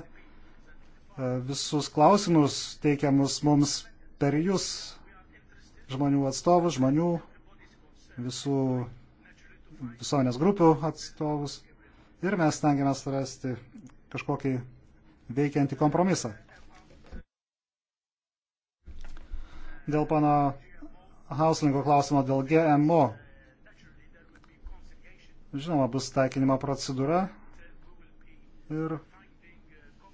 visus klausimus teikiamus mums per jūs, žmonių atstovus, žmonių, visų visuomenės grupių atstovus. Ir mes tengiamės rasti kažkokį veikiantį kompromisą. Dėl pana Hauslingo klausimo dėl GMO. Žinoma, bus taikinimo procedūra ir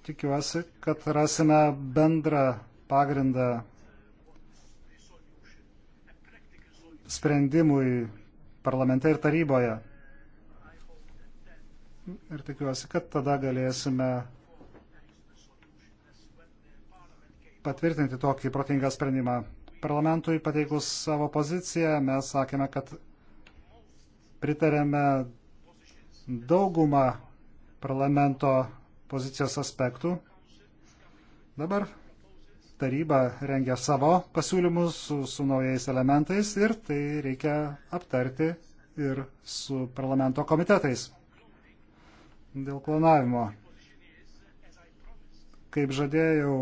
tikiuosi, kad rasime bendrą pagrindą sprendimui parlamente ir taryboje. Ir tikiuosi, kad tada galėsime patvirtinti tokį protingą sprendimą. Parlamentui pateikus savo poziciją, mes sakėme, kad pritarėme daugumą parlamento pozicijos aspektų. Dabar taryba rengia savo pasiūlymus su, su naujais elementais ir tai reikia aptarti ir su parlamento komitetais dėl planavimo. Kaip žadėjau,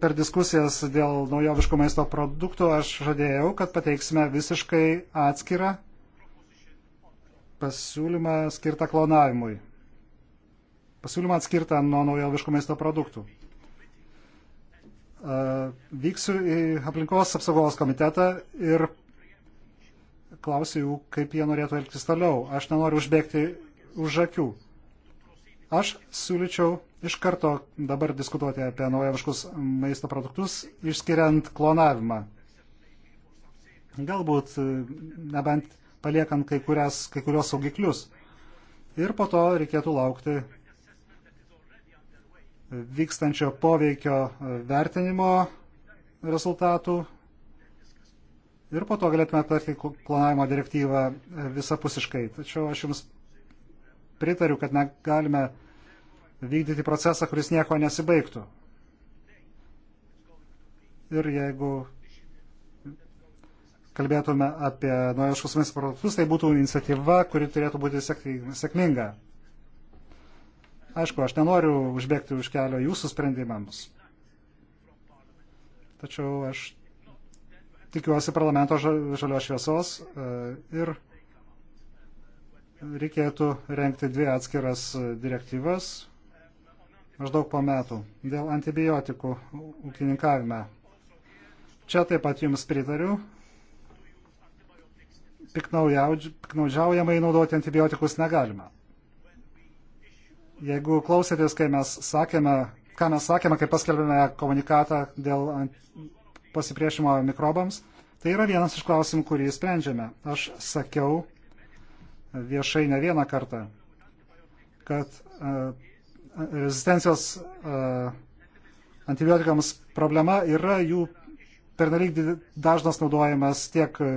per diskusijas dėl naujoviškų maisto produktų aš žadėjau, kad pateiksime visiškai atskirą pasiūlymą skirtą klonavimui. Pasiūlymą atskirtą nuo naujoviškų maisto produktų. Vyksiu į aplinkos apsaugos komitetą ir klausiu jų, kaip jie norėtų elgtis toliau. Aš nenoriu užbėgti už akių. Aš siūlyčiau iš karto dabar diskutuoti apie naujoviškus maisto produktus, išskiriant klonavimą. Galbūt, nebent paliekant kai, kurias, kai kurios saugiklius. Ir po to reikėtų laukti vykstančio poveikio vertinimo rezultatų. Ir po to galėtume aptarti planavimo direktyvą visapusiškai. Tačiau aš Jums pritariu, kad negalime vykdyti procesą, kuris nieko nesibaigtų. Ir jeigu kalbėtume apie naujoviškus maisto produktus, tai būtų iniciatyva, kuri turėtų būti sėkminga. Aišku, aš nenoriu užbėgti už kelio jūsų sprendimams. Tačiau aš tikiuosi parlamento žalios šviesos e, ir reikėtų renkti dvi atskiras direktyvas maždaug po metų dėl antibiotikų ūkininkavime. Čia taip pat jums pritariu, piknaudžiaujamai naudoti antibiotikus negalima. Jeigu klausėtės, kai mes sakėme, ką mes sakėme, kai paskelbėme komunikatą dėl pasipriešimo mikrobams, tai yra vienas iš klausimų, kurį sprendžiame. Aš sakiau viešai ne vieną kartą, kad uh, rezistencijos uh, antibiotikams problema yra jų pernelyg dažnas naudojamas tiek e,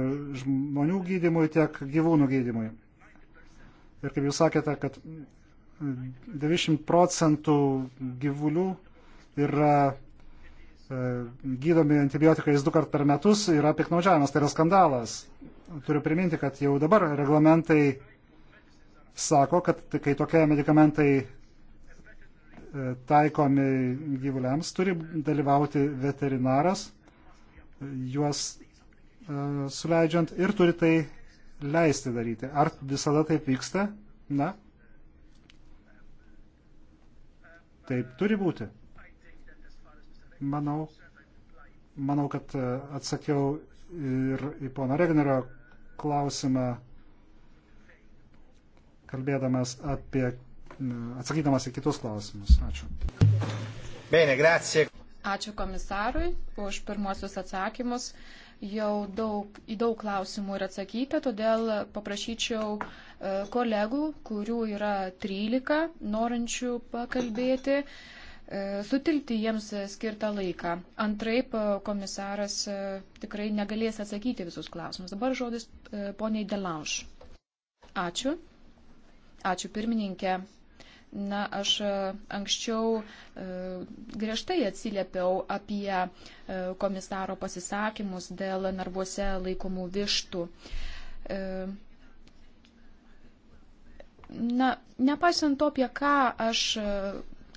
žmonių gydimui, tiek gyvūnų gydimui. Ir kaip jūs sakėte, kad 90 mm, procentų gyvulių yra e, gydomi antibiotikais du kart per metus yra piknaudžiavimas, tai yra skandalas. Turiu priminti, kad jau dabar reglamentai sako, kad kai tokie medikamentai e, taikomi gyvuliams, turi dalyvauti veterinaras juos e, suleidžiant ir turi tai leisti daryti. Ar visada taip vyksta? Na, taip turi būti. Manau, manau kad e, atsakiau ir į pono Regnerio klausimą, kalbėdamas apie, atsakydamas į kitus klausimus. Ačiū. Bene, grazie. Ačiū komisarui už pirmuosius atsakymus. Jau daug, į daug klausimų yra atsakyta, todėl paprašyčiau e, kolegų, kurių yra 13, norinčių pakalbėti, e, sutilti jiems skirtą laiką. Antraip e, komisaras tikrai negalės atsakyti visus klausimus. Dabar žodis poniai Delanš. Ačiū. Ačiū pirmininkė. Na, aš e, anksčiau e, griežtai atsiliepiau apie e, komisaro pasisakymus dėl narvuose laikomų vištų. Na, nepaisant to, apie ką aš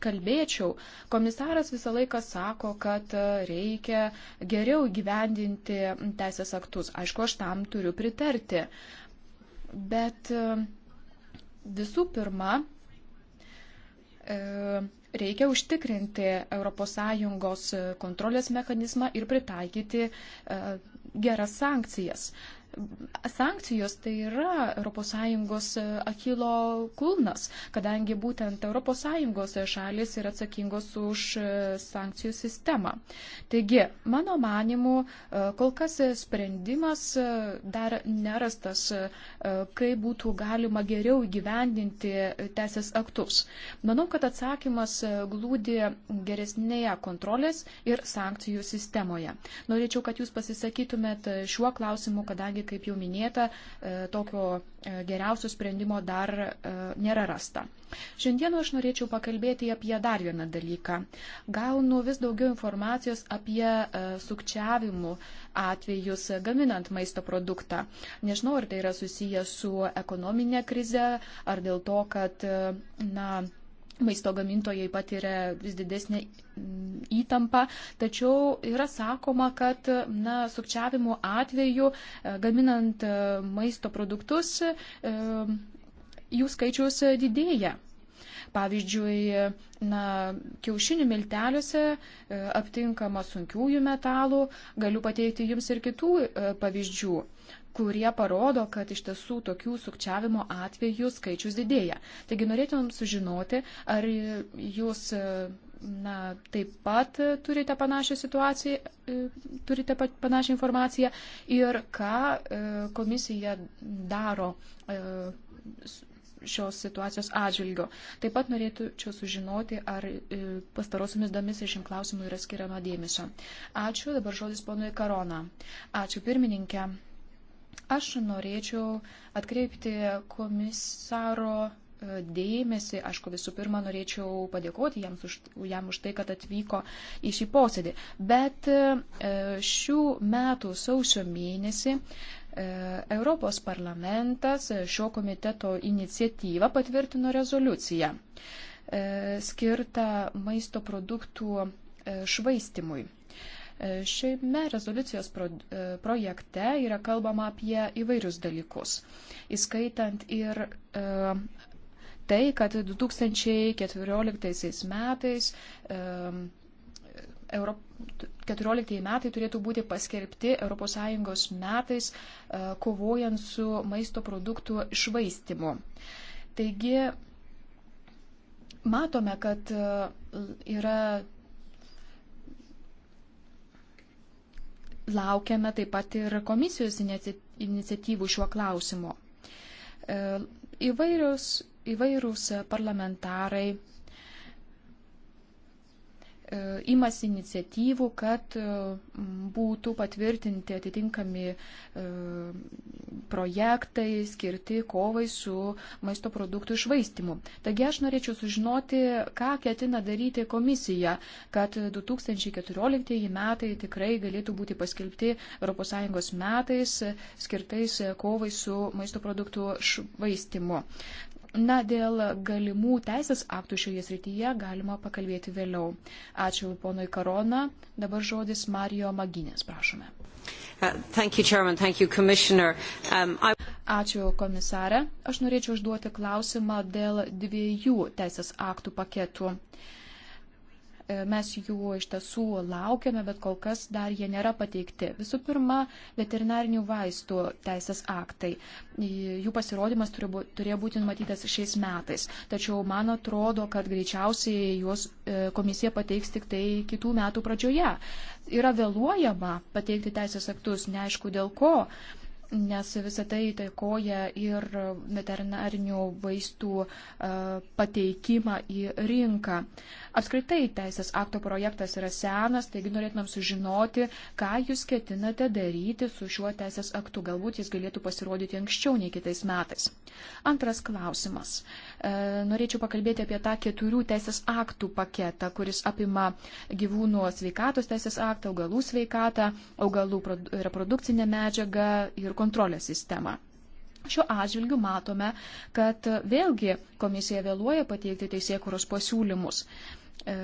kalbėčiau, komisaras visą laiką sako, kad reikia geriau gyvendinti teisės aktus. Aišku, aš tam turiu pritarti. Bet visų pirma, E, reikia užtikrinti ES kontrolės mechanizmą ir pritaikyti e, geras sankcijas. Sankcijos tai yra ES e, akilo kulnas, kadangi būtent ES šalis yra atsakingos už e, sankcijų sistemą. Taigi, mano manimu, e, kol kas sprendimas dar nerastas, kaip būtų galima geriau gyvendinti teisės aktus. Manau, kad atsakymas glūdi geresnėje kontrolės ir sankcijų sistemoje. Norėčiau, kad jūs pasisakytumėt šiuo klausimu, kadangi Vėlgi, kaip jau minėta, e, tokio e, geriausio sprendimo dar e, nėra rasta. Šiandieną aš norėčiau pakalbėti apie dar vieną dalyką. Gaunu vis daugiau informacijos apie sukčiavimų atvejus gaminant maisto produktą. Nežinau, ar tai yra susiję su ekonominė krize, ar dėl to, kad, na, maisto gamintojai patiria vis didesnį mm, įtampą, tačiau yra sakoma, kad na, sukčiavimo atveju e, gaminant e, maisto produktus e, jų skaičius didėja. Pavyzdžiui, na, kiaušinių milteliuose aptinkama sunkiųjų metalų, galiu pateikti jums ir kitų pavyzdžių kurie parodo, kad iš tiesų tokių sukčiavimo atvejų skaičius didėja. Taigi norėtumėm sužinoti, ar jūs e, na, taip pat turite panašią situaciją, e, turite panašią informaciją ir ką e, komisija daro šios situacijos atžvilgio. Taip pat norėčiau sužinoti, ar pastarosiomis domis ir šiam klausimui yra skiriama dėmesio. Ačiū, dabar žodis ponui Karona. Ačiū pirmininkė. Aš norėčiau atkreipti komisaro e, dėmesį. Aišku, visų pirma, norėčiau padėkoti jam už, jam už tai, kad atvyko į šį posėdį. Bet e, šių metų sausio mėnesį e, Europos parlamentas šio komiteto iniciatyvą patvirtino rezoliuciją skirtą maisto produktų švaistimui. Šiame rezoliucijos pro, e, projekte yra kalbama apie įvairius dalykus, įskaitant ir e, tai, kad 2014 metais 2014 e, metai turėtų būti paskelbti ES metais kovojant su maisto produktų išvaistimu. Taigi matome, kad yra Laukiame taip pat ir komisijos iniciatyvų šiuo klausimu. E, Įvairius, įvairūs parlamentarai E, imasi iniciatyvų, kad e, būtų patvirtinti atitinkami e, projektai skirti kovai su maisto produktų išvaistimu. Taigi aš norėčiau sužinoti, ką ketina daryti komisija, kad 2014 metai tikrai galėtų būti paskelbti ES metais skirtais kovai su maisto produktų švaistimu. Na, dėl galimų teisės aktų šioje srityje galima pakalbėti vėliau. Ačiū ponui Karona. Dabar žodis Marijo Maginės, prašome. Uh, you, Chairman, you, um, I... Ačiū komisarė. Aš norėčiau užduoti klausimą dėl dviejų teisės aktų paketų. Uh, E, mes jų iš tiesų laukiame, bet kol kas dar jie nėra pateikti. Visų pirma, veterinarinių vaistų teisės aktai. E, jų pasirodymas turėjo būti numatytas šiais metais. Tačiau man atrodo, kad greičiausiai juos e, komisija pateiks tik tai kitų metų pradžioje. Yra vėluojama pateikti teisės aktus, neaišku dėl ko nes visą tai įtakoja ir veterinarinių vaistų e, pateikimą į rinką. Apskritai teisės akto projektas yra senas, taigi norėtumėm sužinoti, ką jūs ketinate daryti su šiuo teisės aktu. Galbūt jis galėtų pasirodyti anksčiau nei kitais metais. Antras klausimas. E, norėčiau pakalbėti apie tą keturių teisės aktų paketą, kuris apima gyvūnų sveikatos teisės aktą, augalų sveikatą, augalų reprodukcinę medžiagą ir kontrolės sistemą. Šiuo atžvilgiu matome, kad vėlgi komisija vėluoja pateikti teisėkuros pasiūlymus. E,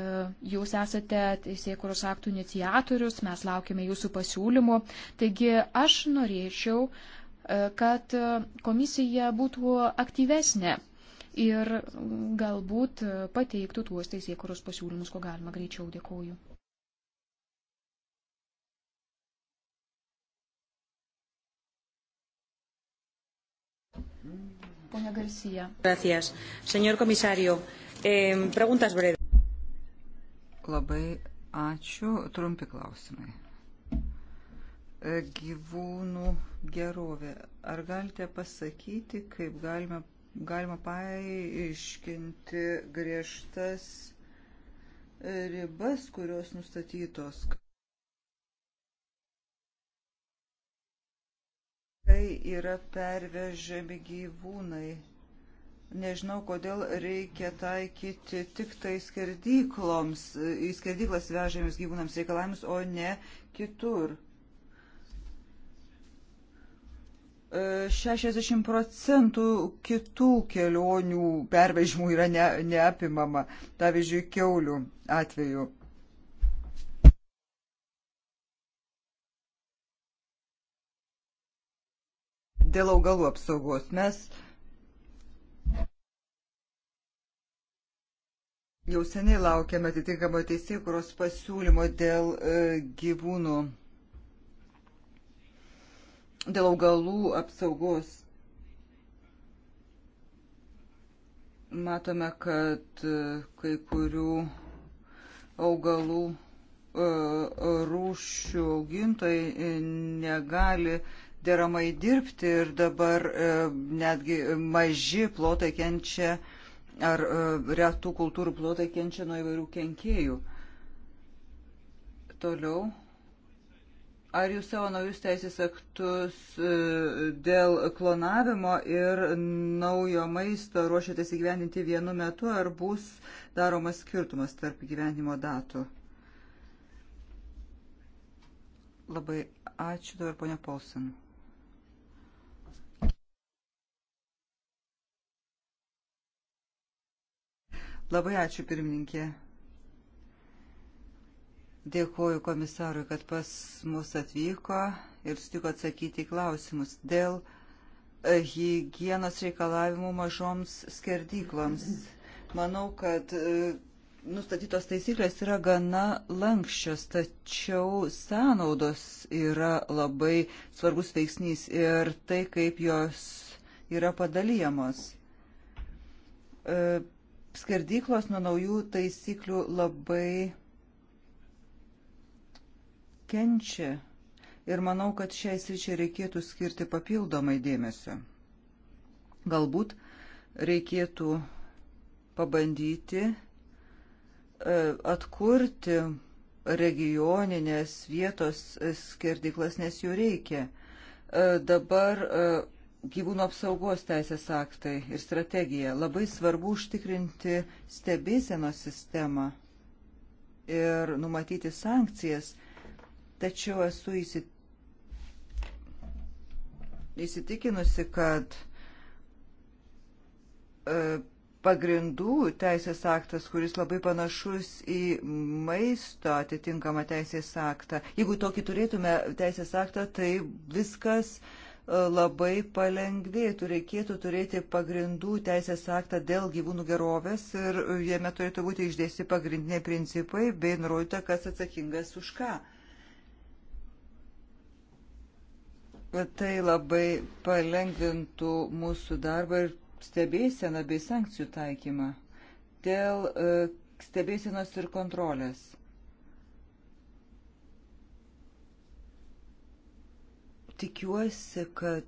jūs esate teisėkuros aktų inicijatorius, mes laukime jūsų pasiūlymų. Taigi aš norėčiau, e, kad komisija būtų aktyvesnė ir galbūt pateiktų tuos teisėkuros pasiūlymus, ko galima greičiau. Dėkuoju. Pone Garcia. Gracias. Senor komisario, eh, preguntas breves. Labai ačiū. Trumpi klausimai. E, gyvūnų gerovė. Ar galite pasakyti, kaip galima, galima paaiškinti griežtas ribas, kurios nustatytos? kai yra pervežami gyvūnai. Nežinau, kodėl reikia taikyti tik tai skerdykloms, į skerdyklas vežamiems gyvūnams reikalavimus, o ne kitur. 60 e, procentų kitų kelionių pervežimų yra ne, neapimama, pavyzdžiui, keulių atveju. dėl augalų apsaugos. Mes jau seniai laukiame atitinkamo teisėkuros pasiūlymo dėl e, gyvūnų, dėl augalų apsaugos. Matome, kad e, kai kurių augalų e, rūšių augintojai negali uh, deramai dirbti ir dabar e, netgi maži plotai kenčia ar e, retų kultūrų plotai kenčia nuo įvairių kenkėjų. Toliau. Ar jūs savo naujus teisės aktus e, dėl klonavimo ir naujo maisto ruošiatės įgyvendinti vienu metu, ar bus daromas skirtumas tarp gyvenimo datų? Labai ačiū dabar, ponia Polsen. Labai ačiū pirmininkė. Dėkuoju komisarui, kad pas mus atvyko ir sutiko atsakyti į klausimus dėl e, hygienos reikalavimų mažoms skerdykloms. Manau, kad e, nustatytos taisyklės yra gana lankščios, tačiau sąnaudos yra labai svarbus veiksnys ir tai, kaip jos yra padalyjamos. E, skerdyklos nuo naujų taisyklių labai kenčia ir manau, kad šiai sričiai reikėtų skirti papildomai dėmesio. Galbūt reikėtų pabandyti e, atkurti regioninės vietos skerdiklas, nes jų reikia. E, dabar e, gyvūnų apsaugos teisės aktai ir strategija. Labai svarbu užtikrinti stebėsenos sistemą ir numatyti sankcijas, tačiau esu įsitikinusi, kad e, pagrindų teisės aktas, kuris labai panašus į maisto atitinkamą teisės aktą. Jeigu tokį turėtume teisės aktą, tai viskas uh, labai palengvėtų, reikėtų turėti pagrindų teisės aktą dėl gyvūnų gerovės ir jame turėtų būti išdėsti pagrindiniai principai bei nurodyta, kas atsakingas už ką. Tai labai palengvintų mūsų darbą ir stebėseną bei sankcijų taikymą dėl e, stebėsenos ir kontrolės. Tikiuosi, kad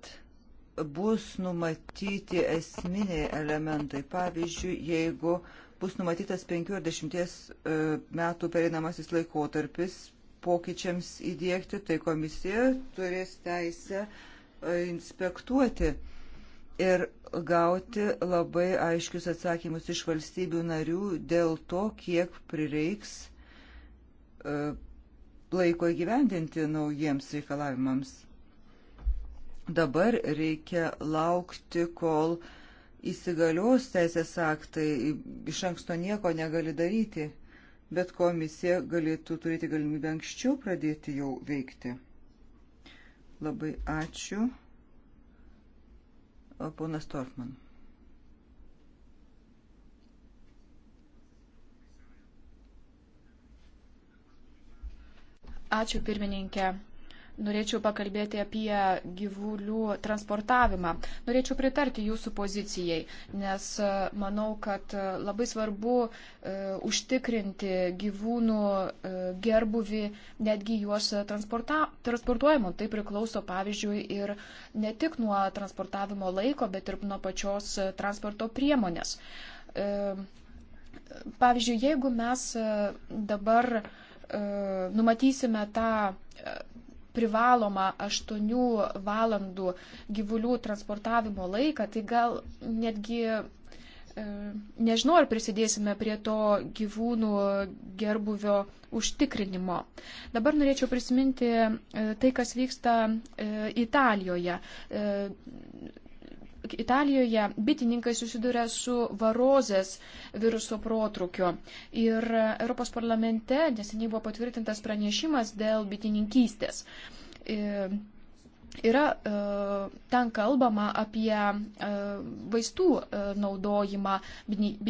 bus numatyti esminiai elementai. Pavyzdžiui, jeigu bus numatytas 50 e, metų pereinamasis laikotarpis pokyčiams įdėkti, tai komisija turės teisę e, inspektuoti ir gauti labai aiškius atsakymus iš valstybių narių dėl to, kiek prireiks e, laiko įgyvendinti naujiems reikalavimams. Dabar reikia laukti, kol įsigalios teisės aktai, iš anksto nieko negali daryti, bet komisija galėtų turėti galimybę anksčiau pradėti jau veikti. Labai ačiū. O ponas Torfman. Ačiū pirmininkė norėčiau pakalbėti apie gyvulių transportavimą. Norėčiau pritarti jūsų pozicijai, nes e, manau, kad e, labai svarbu e, užtikrinti gyvūnų e, gerbuvi netgi juos transportuojamų. Tai priklauso, pavyzdžiui, ir ne tik nuo transportavimo laiko, bet ir nuo pačios e, transporto priemonės. E, pavyzdžiui, jeigu mes dabar e, numatysime tą privalomą 8 valandų gyvulių transportavimo laiką, tai gal netgi e, nežinau, ar prisidėsime prie to gyvūnų gerbuvio užtikrinimo. Dabar norėčiau prisiminti e, tai, kas vyksta e, Italijoje. Italijoje bitininkai susiduria su varozės viruso protrukiu. Ir Europos parlamente neseniai buvo patvirtintas pranešimas dėl bitininkystės. E, yra e, ten kalbama apie e, vaistų naudojimą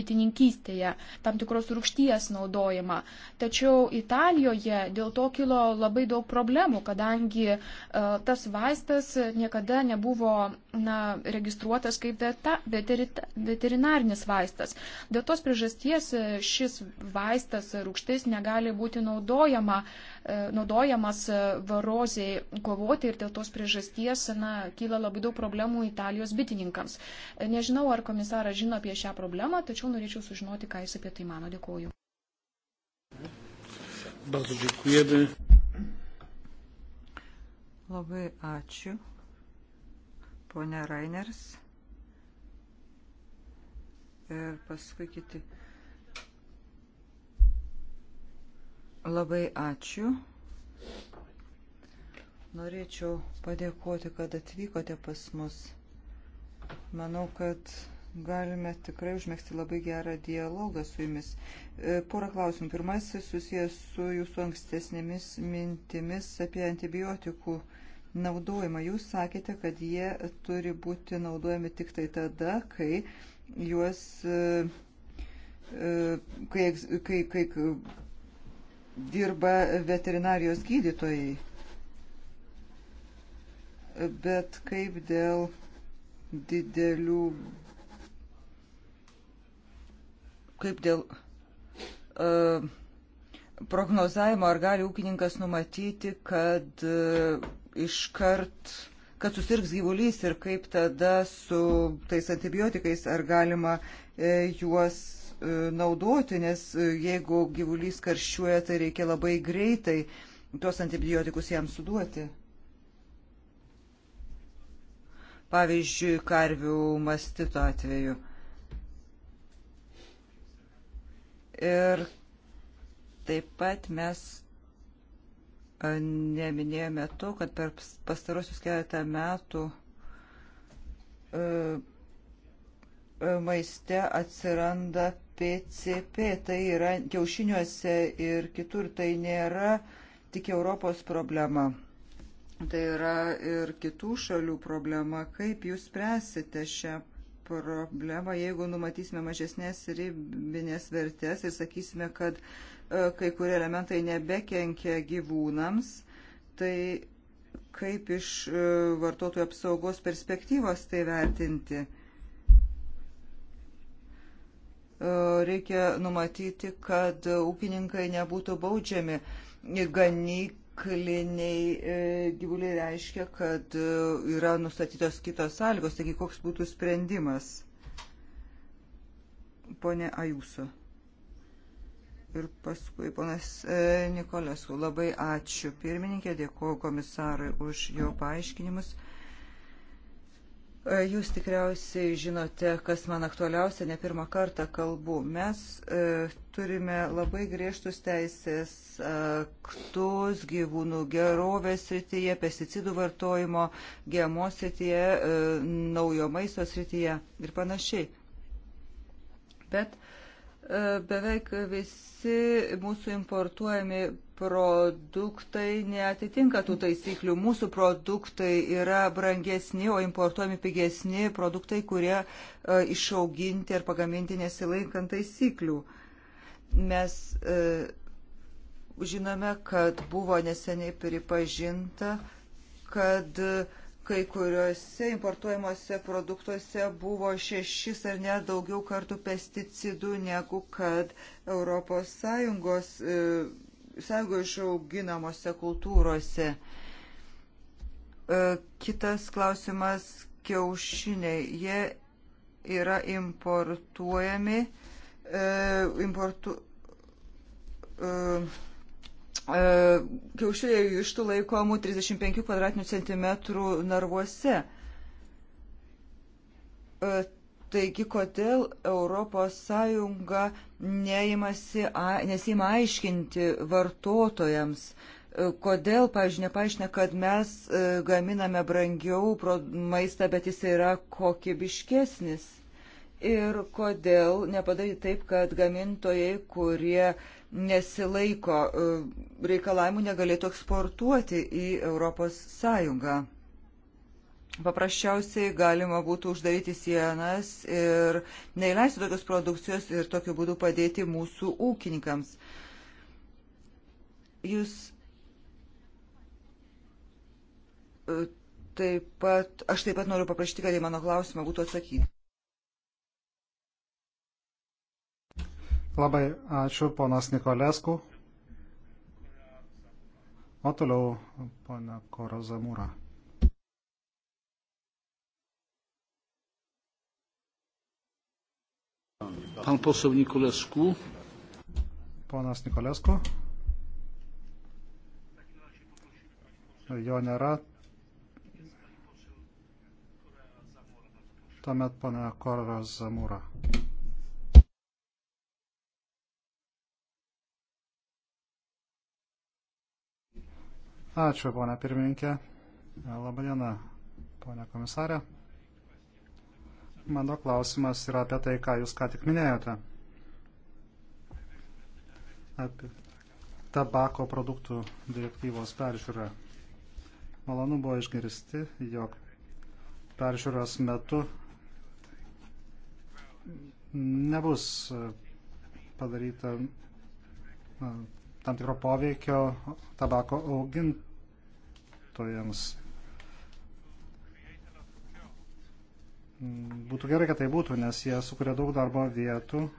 bitininkystėje, tam tikros rūkšties naudojimą. Tačiau Italijoje dėl to kilo labai daug problemų, kadangi tas vaistas niekada nebuvo na, registruotas kaip veterinarinis vaistas. Dėl tos priežasties e, šis vaistas rūkštis negali būti naudojama, e, naudojamas e, varoziai kovoti ir dėl tos priežasties na, kyla labai daug problemų Italijos bitininkams. Nežinau, ar komisaras žino apie šią problemą, tačiau norėčiau sužinoti, ką jis apie tai mano. Dėkuoju. Bardzo dziękujemy. Labai ačiū ponia Rainers ir paskui kiti. Labai ačiū. Norėčiau padėkoti, kad atvykote pas mus. Manau, kad galime tikrai užmėgsti labai gerą dialogą su jumis. E, porą klausimų. Pirmasis susijęs su jūsų ankstesnėmis mintimis apie antibiotikų uh, naudojimą. Jūs sakėte, kad jie turi būti naudojami tik tai tada, kai juos, e, e, kai, kai, kai dirba veterinarijos gydytojai. Bet kaip dėl didelių. Kaip dėl. Uh, prognozavimo, ar gali ūkininkas numatyti, kad iškart, kad susirgs gyvulys ir kaip tada su tais antibiotikais, ar galima e, juos e, naudoti, nes e, jeigu gyvulys karščiuoja, tai reikia labai greitai tuos antibiotikus jam suduoti. Pavyzdžiui, karvių mastito atveju. Ir taip pat mes neminėjome to, kad per pastarosius keletą metų e, e, maiste atsiranda PCP, tai yra kiaušiniuose ir kitur, tai nėra tik Europos problema. Tai yra ir kitų šalių problema. Kaip jūs spręsite šią problemą, jeigu numatysime mažesnės ribinės vertės ir sakysime, kad E, kai kurie elementai nebekenkia gyvūnams, tai kaip iš e, vartotojų apsaugos perspektyvos tai vertinti? E, reikia numatyti, kad ūkininkai nebūtų baudžiami. Ganykliniai gyvuliai reiškia, kad yra nustatytos kitos sąlygos, taigi koks būtų sprendimas? Pone Ajuso ir paskui ponas e, Nikolesu. Labai ačiū pirmininkė, dėkuoju komisarui už jo paaiškinimus. E, jūs tikriausiai žinote, kas man aktualiausia, ne pirmą kartą kalbu. Mes e, turime labai griežtus teisės aktus gyvūnų gerovės srityje, pesticidų vartojimo, GMO srityje, e, naujo maisto srityje ir panašiai. Bet e, beveik visi mūsų importuojami produktai netitinka tų taisyklių. Mūsų produktai yra brangesni, o importuojami pigesni produktai, kurie e, išauginti ar pagaminti nesilaikant taisyklių. Mes e, žinome, kad buvo neseniai pripažinta, kad uh, kai kuriuose importuojamuose produktuose buvo šešis ar net daugiau kartų pesticidų negu kad Europos Sąjungos, e, sąjungo išauginamose kultūrose. E, kitas klausimas - kiaušiniai. Jie yra importuojami. E, importu, uh, E, kiaušėjų iš tų laikomų 35 kvadratinių centimetrų narvuose. E, taigi, kodėl ES nesima aiškinti vartotojams, e, kodėl, pavyzdžiui, nepaaiškina, kad mes gaminame brangiau maistą, bet jis yra kokybiškesnis. Ir kodėl nepadaryti taip, kad gamintojai, kurie uh, nesilaiko e, reikalavimų, negalėtų eksportuoti į Europos Sąjungą. Paprasčiausiai galima būtų uždaryti sienas ir neįleisti tokios produkcijos ir tokiu būdu padėti mūsų ūkininkams. Jūs e, taip pat, aš taip pat noriu paprašyti, kad į mano klausimą būtų atsakyti. Labai ačiū, ponas Nikolesku. O toliau, ponia Korozamūra. Pan poseł Nikolescu. Ponas Nikolescu. Jo nėra. Tuomet pana Koras Zamūra. Ačiū, ponia pirmininkė. Labadiena, ponia komisarė. Mano klausimas yra apie tai, ką jūs ką tik minėjote. Apie tabako produktų direktyvos peržiūrą. Malonu buvo išgirsti, jog peržiūros metu nebus padaryta tam tikro poveikio tabako augint vartotojams. Mm, būtų gerai, kad tai būtų, nes jie sukuria daug darbo vietų e,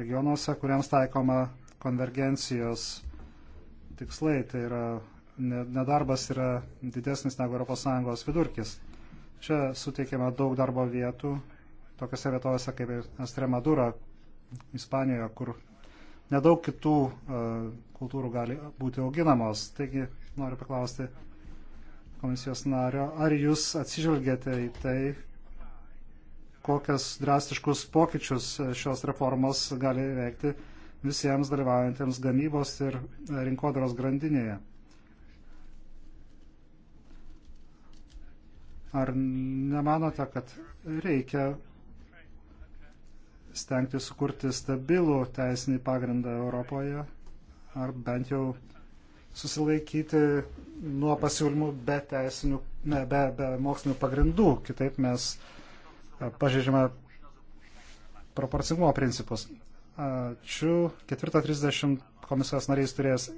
regionuose, kuriems taikoma konvergencijos tikslai. Tai yra nedarbas yra didesnis negu ES vidurkis. Čia suteikiama daug darbo vietų tokiose vietovėse kaip Estremadura, Ispanijoje, kur nedaug kitų e, kultūrų gali būti auginamos. Taigi noriu paklausti komisijos nario, ar jūs atsižvelgėte į tai, kokias drastiškus pokyčius šios reformos gali veikti visiems dalyvaujantiems gamybos ir rinkodaros grandinėje. Ar nemanote, kad reikia stengti sukurti stabilų teisinį pagrindą Europoje, ar bent jau susilaikyti nuo pasiūlymų be teisinių, ne, be, be mokslinių pagrindų. Kitaip mes e, pažeidžiame proporcingumo principus. Ačiū. 4.30 komisijos narys turės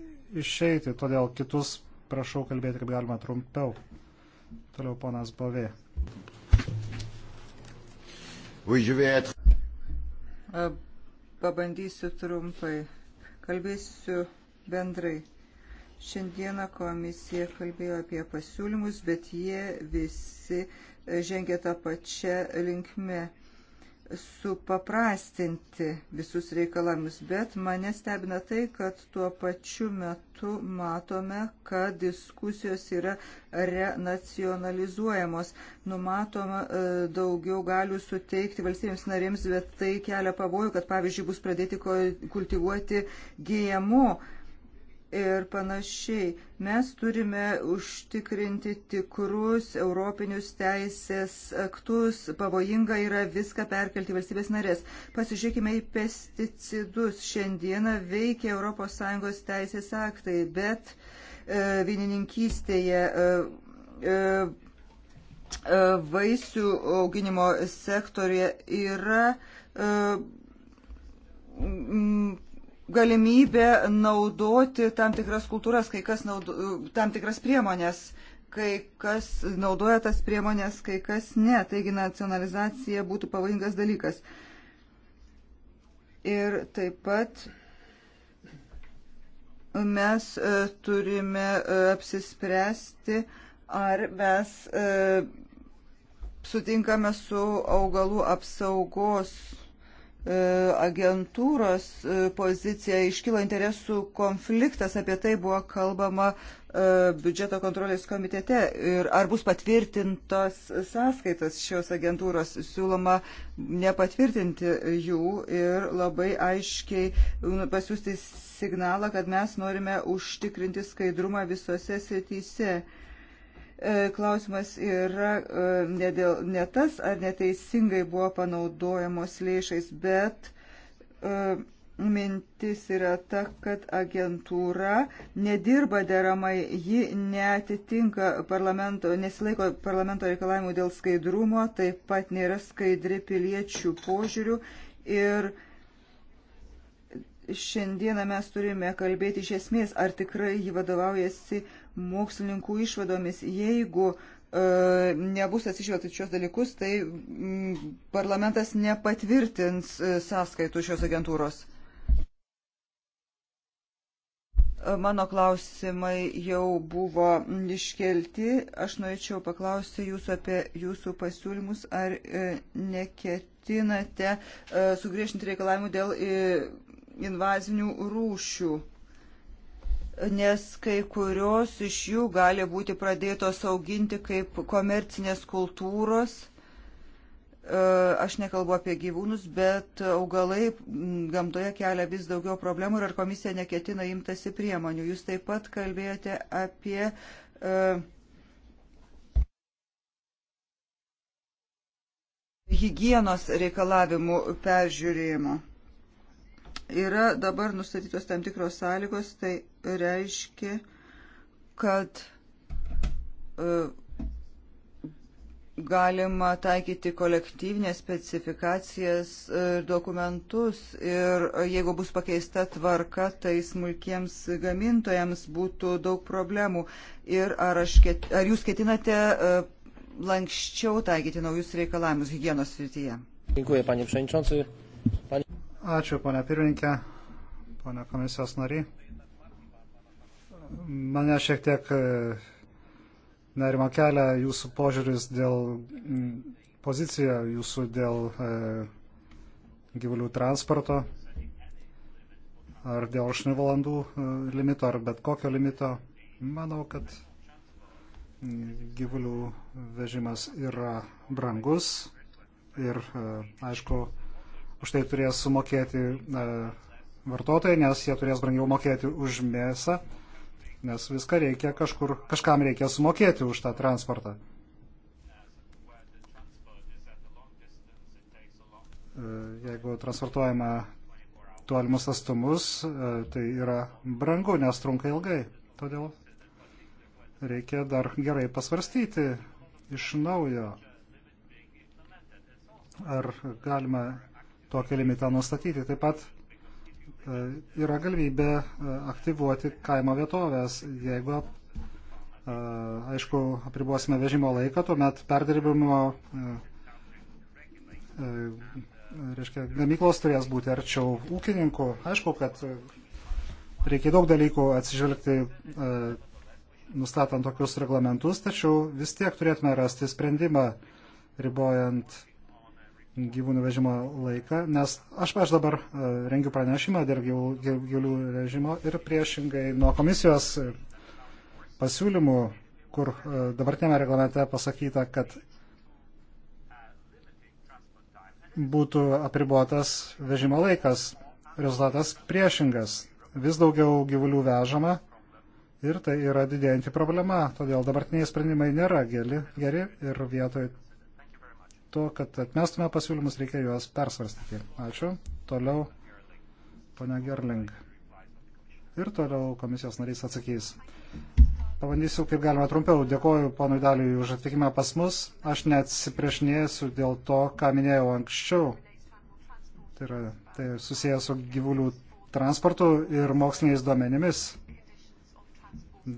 išeiti, todėl kitus prašau kalbėti kaip galima trumpiau. Toliau ponas Bovė. Pabandysiu trumpai. Kalbėsiu bendrai. Šiandieną komisija kalbėjo apie pasiūlymus, bet jie visi e, žengia tą pačią linkmę supaprastinti visus reikalavimus, bet mane stebina tai, kad tuo pačiu metu matome, kad diskusijos yra renacionalizuojamos. Numatoma e, daugiau galių suteikti valstybėms narėms, bet tai kelia pavojų, kad pavyzdžiui bus pradėti kultivuoti GMO ir panašiai. Mes turime užtikrinti tikrus europinius teisės aktus. Pavojinga yra viską perkelti valstybės narės. Pasižiūrėkime į pesticidus. Šiandieną veikia ES teisės aktai, bet e, vienininkystėje. E, e, Vaisių auginimo sektorija yra e, galimybė naudoti tam tikras kultūras, kai kas naudo, tam tikras priemonės, kai kas naudoja tas priemonės, kai kas ne. Taigi nacionalizacija būtų pavojingas dalykas. Ir taip pat mes e, turime e, apsispręsti, ar mes e, sutinkame su augalų apsaugos E, agentūros e, poziciją iškilo interesų konfliktas, apie tai buvo kalbama e, biudžeto kontrolės komitete ir ar bus patvirtintos sąskaitos šios agentūros, siūloma nepatvirtinti jų ir labai aiškiai nu, pasiūsti signalą, kad mes norime užtikrinti skaidrumą visose srityse. E, klausimas yra e, ne, dėl, ne tas, ar neteisingai buvo panaudojamos lėšais, bet e, mintis yra ta, kad agentūra nedirba deramai, ji netitinka parlamento, nesilaiko parlamento reikalavimų dėl skaidrumo, taip pat nėra skaidri piliečių požiūrių ir šiandieną mes turime kalbėti iš esmės, ar tikrai jį vadovaujasi mokslininkų išvadomis. Jeigu e, nebus atsižvelgti šios dalykus, tai mm, parlamentas nepatvirtins e, sąskaitų šios agentūros. E, mano klausimai jau buvo iškelti. Aš norėčiau paklausti jūsų apie jūsų pasiūlymus, ar neketinate sugriežtinti reikalavimų dėl invazinių rūšių nes kai kurios iš jų gali būti pradėtos auginti kaip komercinės kultūros. E, aš nekalbu apie gyvūnus, bet augalai gamtoje kelia vis daugiau problemų ir ar komisija neketina imtasi priemonių. Jūs taip pat kalbėjote apie e, hygienos reikalavimų peržiūrėjimo. Yra dabar nustatytos tam tikros sąlygos, tai reiškia, kad e, galima taikyti kolektyvinės specifikacijas e, dokumentus ir jeigu bus pakeista tvarka, tai smulkiems gamintojams būtų daug problemų. Ir ar, aš, ar jūs ketinate e, lankščiau taikyti naujus reikalavimus hygienos srityje? Dėkuoju, panie Pšenčionsui. Pani... Ačiū, ponia pirmininkė, ponia komisijos nariai. Mane šiek tiek e, nerima kelia jūsų požiūris dėl pozicija jūsų dėl e, gyvulių transporto ar dėl 8 valandų e, limito ar bet kokio limito. Manau, kad gyvulių vežimas yra brangus ir, aišku, už tai turės sumokėti vartotojai, nes jie turės brangiau mokėti už mėsą nes viską reikia kažkur, kažkam reikia sumokėti už tą transportą. E, jeigu transportuojame tolimus atstumus, e, tai yra brangu, nes trunka ilgai. Todėl reikia dar gerai pasvarstyti iš naujo, ar galima tokį limitą nustatyti. Taip pat E, yra galimybė e, aktyvuoti kaimo vietovės. Jeigu, e, aišku, apribuosime vežimo laiką, tuomet perdirbimo, reiškia, gamyklos turės būti arčiau ūkininkų. Aišku, kad reikia daug dalykų atsižvelgti nustatant tokius reglamentus, tačiau vis tiek turėtume rasti sprendimą ribojant gyvūnų vežimo laiką, nes aš, aš dabar e, rengiu pranešimą dėl gyvulių režimo ir priešingai nuo komisijos pasiūlymų, kur e, dabartinėme reglamente pasakyta, kad būtų apribuotas vežimo laikas. Rezultatas priešingas. Vis daugiau gyvulių vežama ir tai yra didėjanti problema, todėl dabartiniai sprendimai nėra geri, geri ir vietoj to, kad atmestume pasiūlymus, reikia juos persvarstyti. Ačiū. Toliau, ponia Gerling. Ir toliau komisijos narys atsakys. Pabandysiu, kaip galima trumpiau. Dėkoju ponui Daliui už atvykimą pas mus. Aš neatsipriešinėsiu dėl to, ką minėjau anksčiau. Tai yra tai susijęs su gyvulių transportu ir moksliniais duomenimis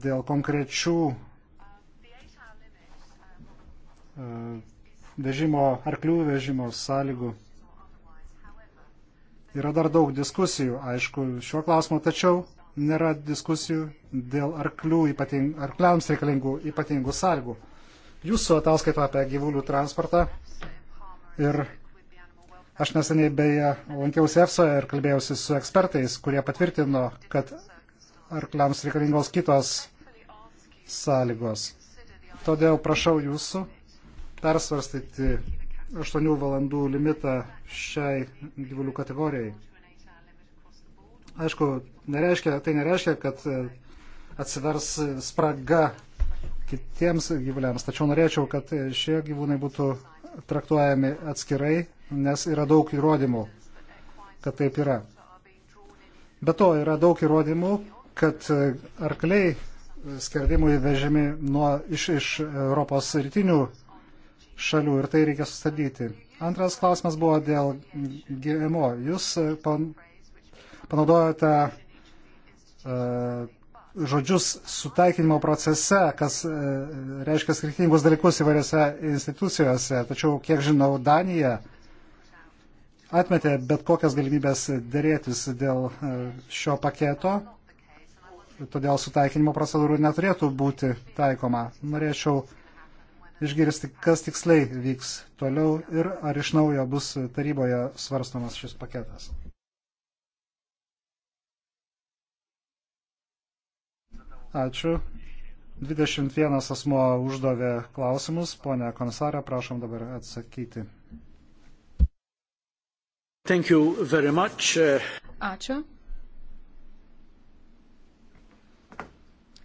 dėl konkrečių e, vežimo, arklių vežimo sąlygų. Yra dar daug diskusijų, aišku, šiuo klausimu, tačiau nėra diskusijų dėl arklių ypating, arkliams reikalingų ypatingų sąlygų. Jūsų ataskaito apie gyvulių transportą ir aš neseniai beje lankiausi EFSOje ir kalbėjausi su ekspertais, kurie patvirtino, kad arkliams reikalingos kitos sąlygos. Todėl prašau jūsų persvarstyti 8 valandų limitą šiai gyvulių kategorijai. Aišku, nereiškia, tai nereiškia, kad e, atsivers spraga kitiems gyvuliams, tačiau norėčiau, kad šie gyvūnai būtų traktuojami atskirai, nes yra daug įrodymų, kad taip yra. Be to, yra daug įrodymų, kad e, arkliai skerdimui vežami nuo, iš, iš Europos rytinių šalių ir tai reikia sustabdyti. Antras klausimas buvo dėl GMO. Jūs e, pan, panaudojate uh, žodžius sutaikinimo procese, kas uh, reiškia skirtingus dalykus įvairiose institucijose, tačiau, kiek žinau, Danija atmetė bet kokias galimybės dėrėtis dėl uh, šio paketo, todėl sutaikinimo procedūrų neturėtų būti taikoma. Norėčiau uh, išgirsti, kas tiksliai vyks toliau ir ar iš naujo bus taryboje svarstomas šis paketas. Ačiū. 21 asmo uždavė klausimus. Pone komisarė, prašom dabar atsakyti. Thank you very much. Ačiū.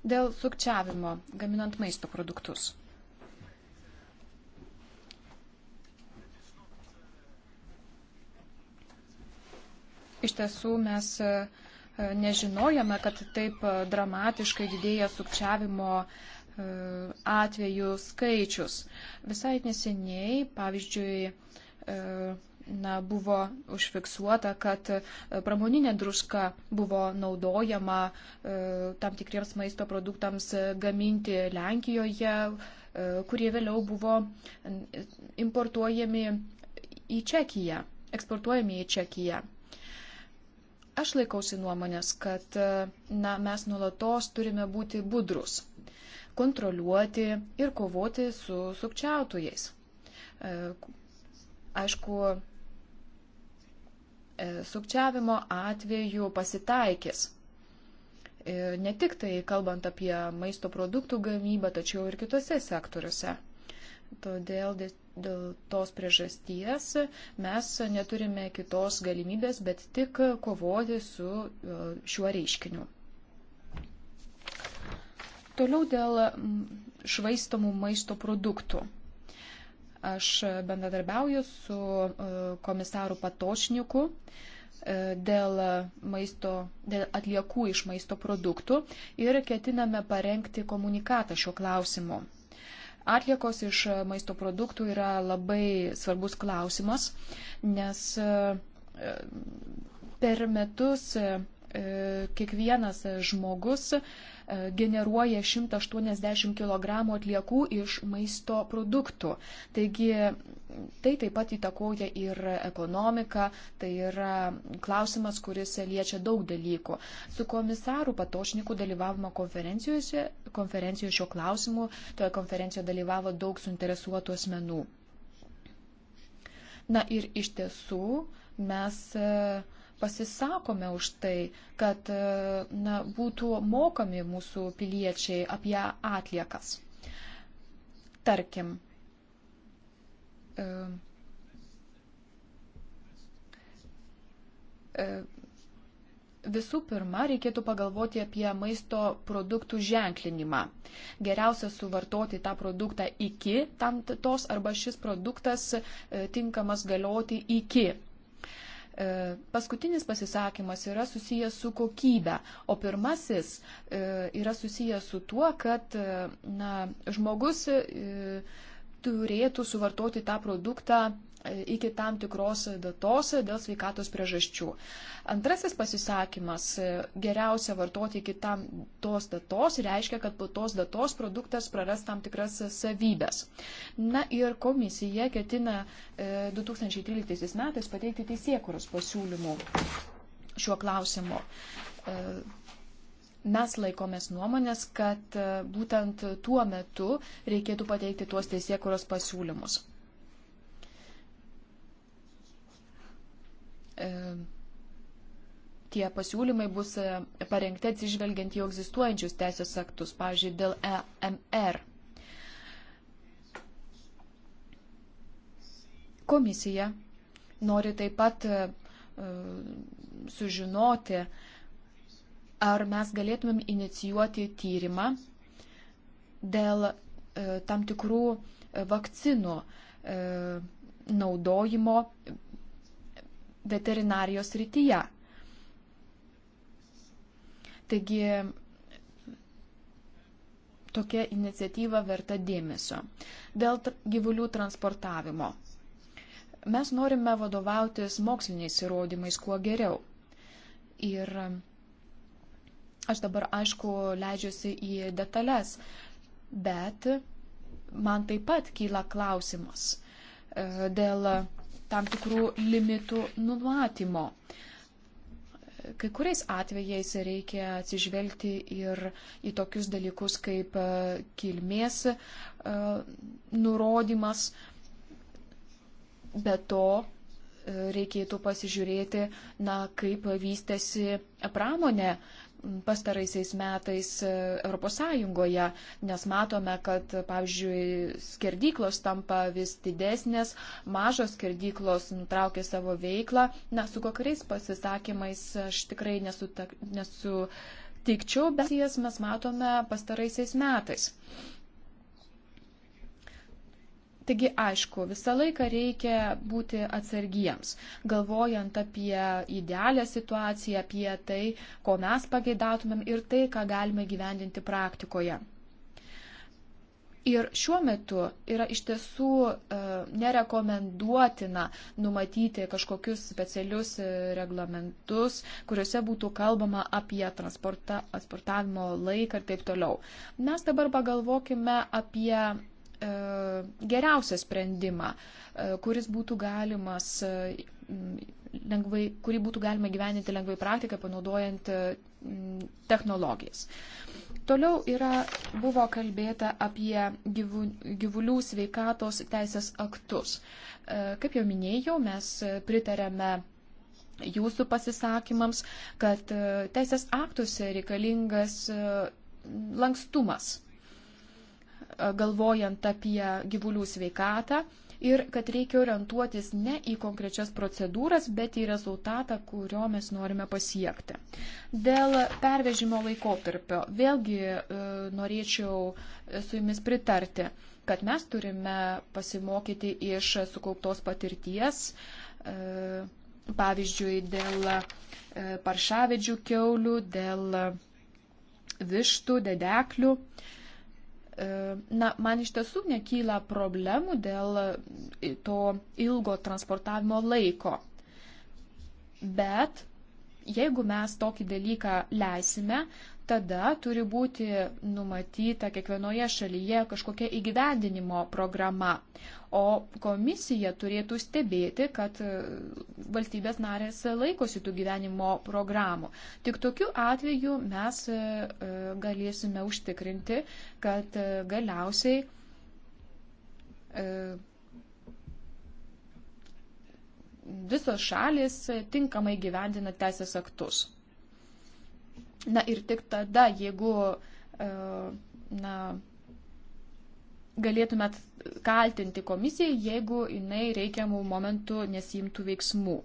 Dėl sukčiavimo gaminant maisto produktus. Iš tiesų mes e, e, nežinojame, kad taip e, dramatiškai didėja sukčiavimo atvejų skaičius. Visai neseniai, pavyzdžiui, na, buvo užfiksuota, kad pramoninė druska buvo naudojama tam tikriems maisto produktams gaminti Lenkijoje, kurie vėliau buvo importuojami į Čekiją, eksportuojami į Čekiją. Aš laikausi nuomonės, kad e, na, mes nulatos turime būti budrus, kontroliuoti ir kovoti su sukčiautojais. E, aišku, e, sukčiavimo atveju pasitaikys. Ne tik tai kalbant apie maisto produktų gamybą, tačiau ir kitose sektoriuose. Todėl Dėl tos priežasties mes neturime kitos galimybės, bet tik kovoti su e, šiuo reiškiniu. Toliau dėl švaistamų maisto produktų. Aš bendradarbiauju su e, komisaru Patočniku e, dėl, maisto, dėl atliekų iš maisto produktų ir ketiname parengti komunikatą šiuo klausimu. Atliekos iš maisto produktų yra labai svarbus klausimas, nes e, per metus e, kiekvienas žmogus E, generuoja 180 kg atliekų iš maisto produktų. Taigi tai taip pat įtakoja ir ekonomiką, tai yra klausimas, kuris liečia daug dalykų. Su komisaru Patošniku dalyvavimo konferencijoje, konferencijoje šio klausimu, toje konferencijoje dalyvavo daug suinteresuotų asmenų. Na ir iš tiesų mes uh, pasisakome už tai, kad e, na, būtų mokami mūsų piliečiai apie atliekas. Tarkim, e, e, Visų pirma, reikėtų pagalvoti apie maisto produktų ženklinimą. Geriausia suvartoti tą produktą iki tam tos arba šis produktas e, tinkamas galioti iki E, paskutinis pasisakymas yra susijęs su kokybė, o pirmasis e, yra susijęs su tuo, kad e, na, žmogus turėtų suvartoti tą produktą e, iki tam tikros datos dėl sveikatos priežasčių. Antrasis pasisakymas e, - geriausia vartoti iki tam tos datos reiškia, kad po tos datos produktas praras tam tikras savybės. Na ir komisija ketina 2013 e, metais pateikti teisėkuros pasiūlymų šiuo klausimu mes laikomės nuomonės, kad e, būtent tuo metu reikėtų pateikti tuos teisėkuros pasiūlymus. E, tie pasiūlymai bus e, parengti atsižvelgiant į egzistuojančius teisės aktus, pavyzdžiui, dėl EMR. Komisija nori taip pat sužinoti, uh, ar mes galėtumėm inicijuoti tyrimą dėl e, tam tikrų e, vakcinų e, naudojimo veterinarijos rytyje. Taigi tokia iniciatyva verta dėmesio. Dėl gyvulių transportavimo. Mes norime vadovautis moksliniais įrodymais kuo geriau. Ir Aš dabar, aišku, leidžiuosi į detalės, bet man taip pat kyla klausimas e, dėl tam tikrų limitų numatymo. Kai kuriais atvejais reikia atsižvelgti ir į tokius dalykus kaip e, kilmės e, nurodymas. Be to reikėtų pasižiūrėti, na, kaip vystėsi pramonė pastaraisiais metais ES, nes matome, kad, pavyzdžiui, skerdyklos tampa vis didesnės, mažos skerdyklos nutraukia savo veiklą. Na, su kokiais pasisakymais aš tikrai nesutikčiau, nesu bet jas mes matome pastaraisiais metais. Taigi, aišku, visą laiką reikia būti atsargiems, galvojant apie idealią situaciją, apie tai, ko mes pageidautumėm ir tai, ką galime gyvendinti praktikoje. Ir šiuo metu yra iš tiesų e, nerekomenduotina numatyti kažkokius specialius e, reglamentus, kuriuose būtų kalbama apie transportavimo laiką ir taip toliau. Mes dabar pagalvokime apie E, geriausią sprendimą, e, kuris būtų galimas e, lengvai, kurį būtų galima gyveninti lengvai praktiką, panaudojant technologijas. Toliau yra, buvo kalbėta apie gyvų, gyvulių sveikatos teisės aktus. Kaip jau minėjau, mes pritarėme jūsų pasisakymams, kad teisės aktuose reikalingas lankstumas galvojant apie gyvulių sveikatą ir kad reikia orientuotis ne į konkrečias procedūras, bet į rezultatą, kurio mes norime pasiekti. Dėl pervežimo laikotarpio vėlgi e, norėčiau su jumis pritarti, kad mes turime pasimokyti iš sukauptos patirties, e, pavyzdžiui, dėl e, paršavedžių keulių, dėl vištų, dedeklių. E, E, na, man iš tiesų nekyla problemų dėl e, to ilgo transportavimo laiko. Bet jeigu mes tokį dalyką leisime, tada turi būti numatyta kiekvienoje šalyje kažkokia įgyvendinimo programa. O komisija turėtų stebėti, kad e, valstybės narės laikosi tų gyvenimo programų. Tik tokiu atveju mes e, e, galėsime užtikrinti, kad galiausiai visos šalis tinkamai gyvendina teisės aktus. Na ir tik tada, jeigu e, na, galėtumėt kaltinti komisiją, jeigu jinai reikiamų momentų nesimtų veiksmų.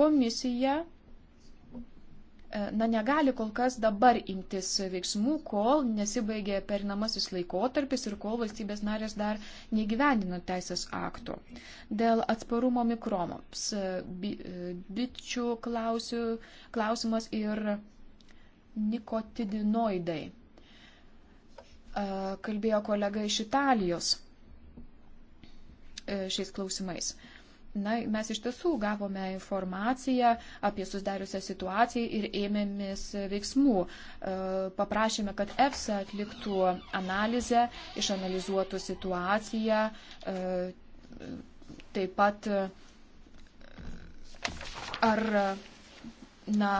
Komisija e, na, negali kol kas dabar imtis veiksmų, kol nesibaigė perinamasis laikotarpis ir kol valstybės narės dar negyvendino teisės aktų. Dėl atsparumo mikromoms, e, bičių klausimas ir nikotidinoidai. Kalbėjo kolega iš Italijos e, šiais klausimais. Na, mes iš tiesų gavome informaciją apie susidariusią situaciją ir ėmėmės veiksmų. E, paprašėme, kad EFSA atliktų analizę, išanalizuotų situaciją, e, taip pat ar na,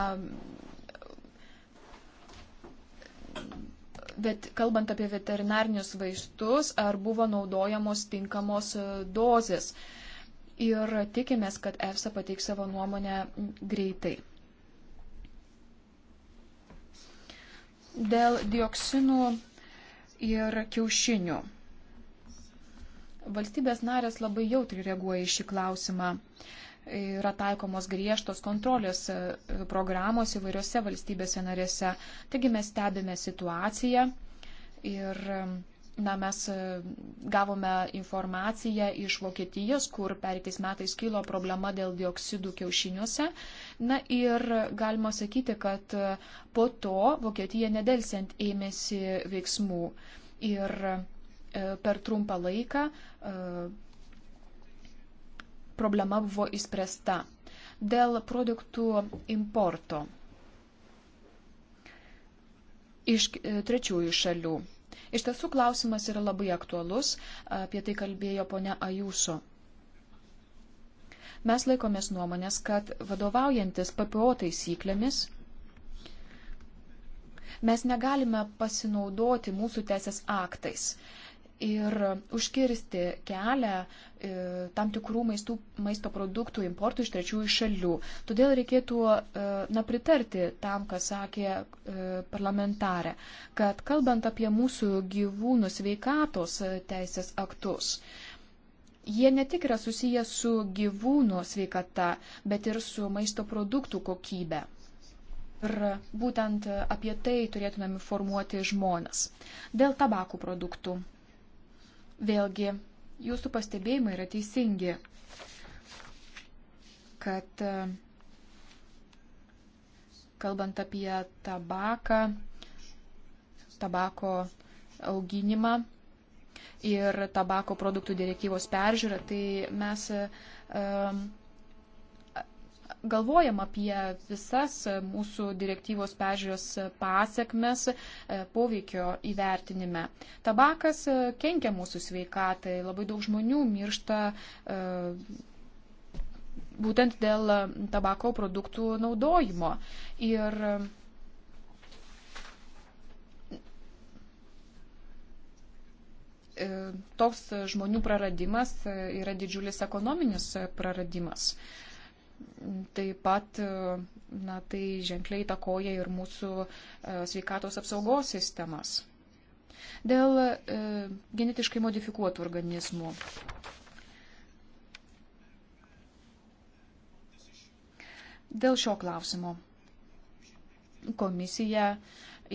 Bet kalbant apie veterinarinius vaistus, ar buvo naudojamos tinkamos e, dozės. Ir tikimės, kad EFSA pateiks savo nuomonę greitai. Dėl dioksinų ir kiaušinių. Valstybės narės labai jautri reaguoja į šį klausimą. Uh, yra taikomos griežtos kontrolės e, programos įvairiose valstybėse narėse. Taigi mes stebime situaciją ir e, na, mes e, gavome informaciją iš Vokietijos, kur pereitais metais kilo problema dėl dioksidų kiaušiniuose. Na ir galima sakyti, kad po to Vokietija nedelsiant ėmėsi veiksmų. Ir per trumpą laiką problema buvo išspręsta. Dėl produktų importo iš trečiųjų šalių. Iš tiesų klausimas yra labai aktualus, apie tai kalbėjo ponia Ajūso. Mes laikomės nuomonės, kad vadovaujantis PPO taisyklėmis mes negalime pasinaudoti mūsų teisės aktais ir užkirsti kelią e, tam tikrų maistų, maisto produktų importų iš trečiųjų šalių. Todėl reikėtų e, na, pritarti tam, ką sakė e, parlamentarė, kad kalbant apie mūsų gyvūnų sveikatos teisės aktus, jie ne tik yra susiję su gyvūnų sveikata, bet ir su maisto produktų kokybė. Ir būtent apie tai turėtumėm informuoti žmonės. Dėl tabakų produktų Vėlgi, jūsų pastebėjimai yra teisingi, kad e, kalbant apie tabaką, tabako auginimą ir tabako produktų direktyvos peržiūrą, tai mes um, galvojam apie visas mūsų direktyvos peržiūros pasiekmes e, poveikio įvertinime. Tabakas e, kenkia mūsų sveikatai, labai daug žmonių miršta e, būtent dėl tabako produktų naudojimo. Ir toks žmonių praradimas yra didžiulis ekonominis praradimas. Uh, Taip pat na, tai ženkliai takoja ir mūsų e, sveikatos apsaugos sistemas. Dėl e, genetiškai modifikuotų organizmų. Dėl šio klausimo komisija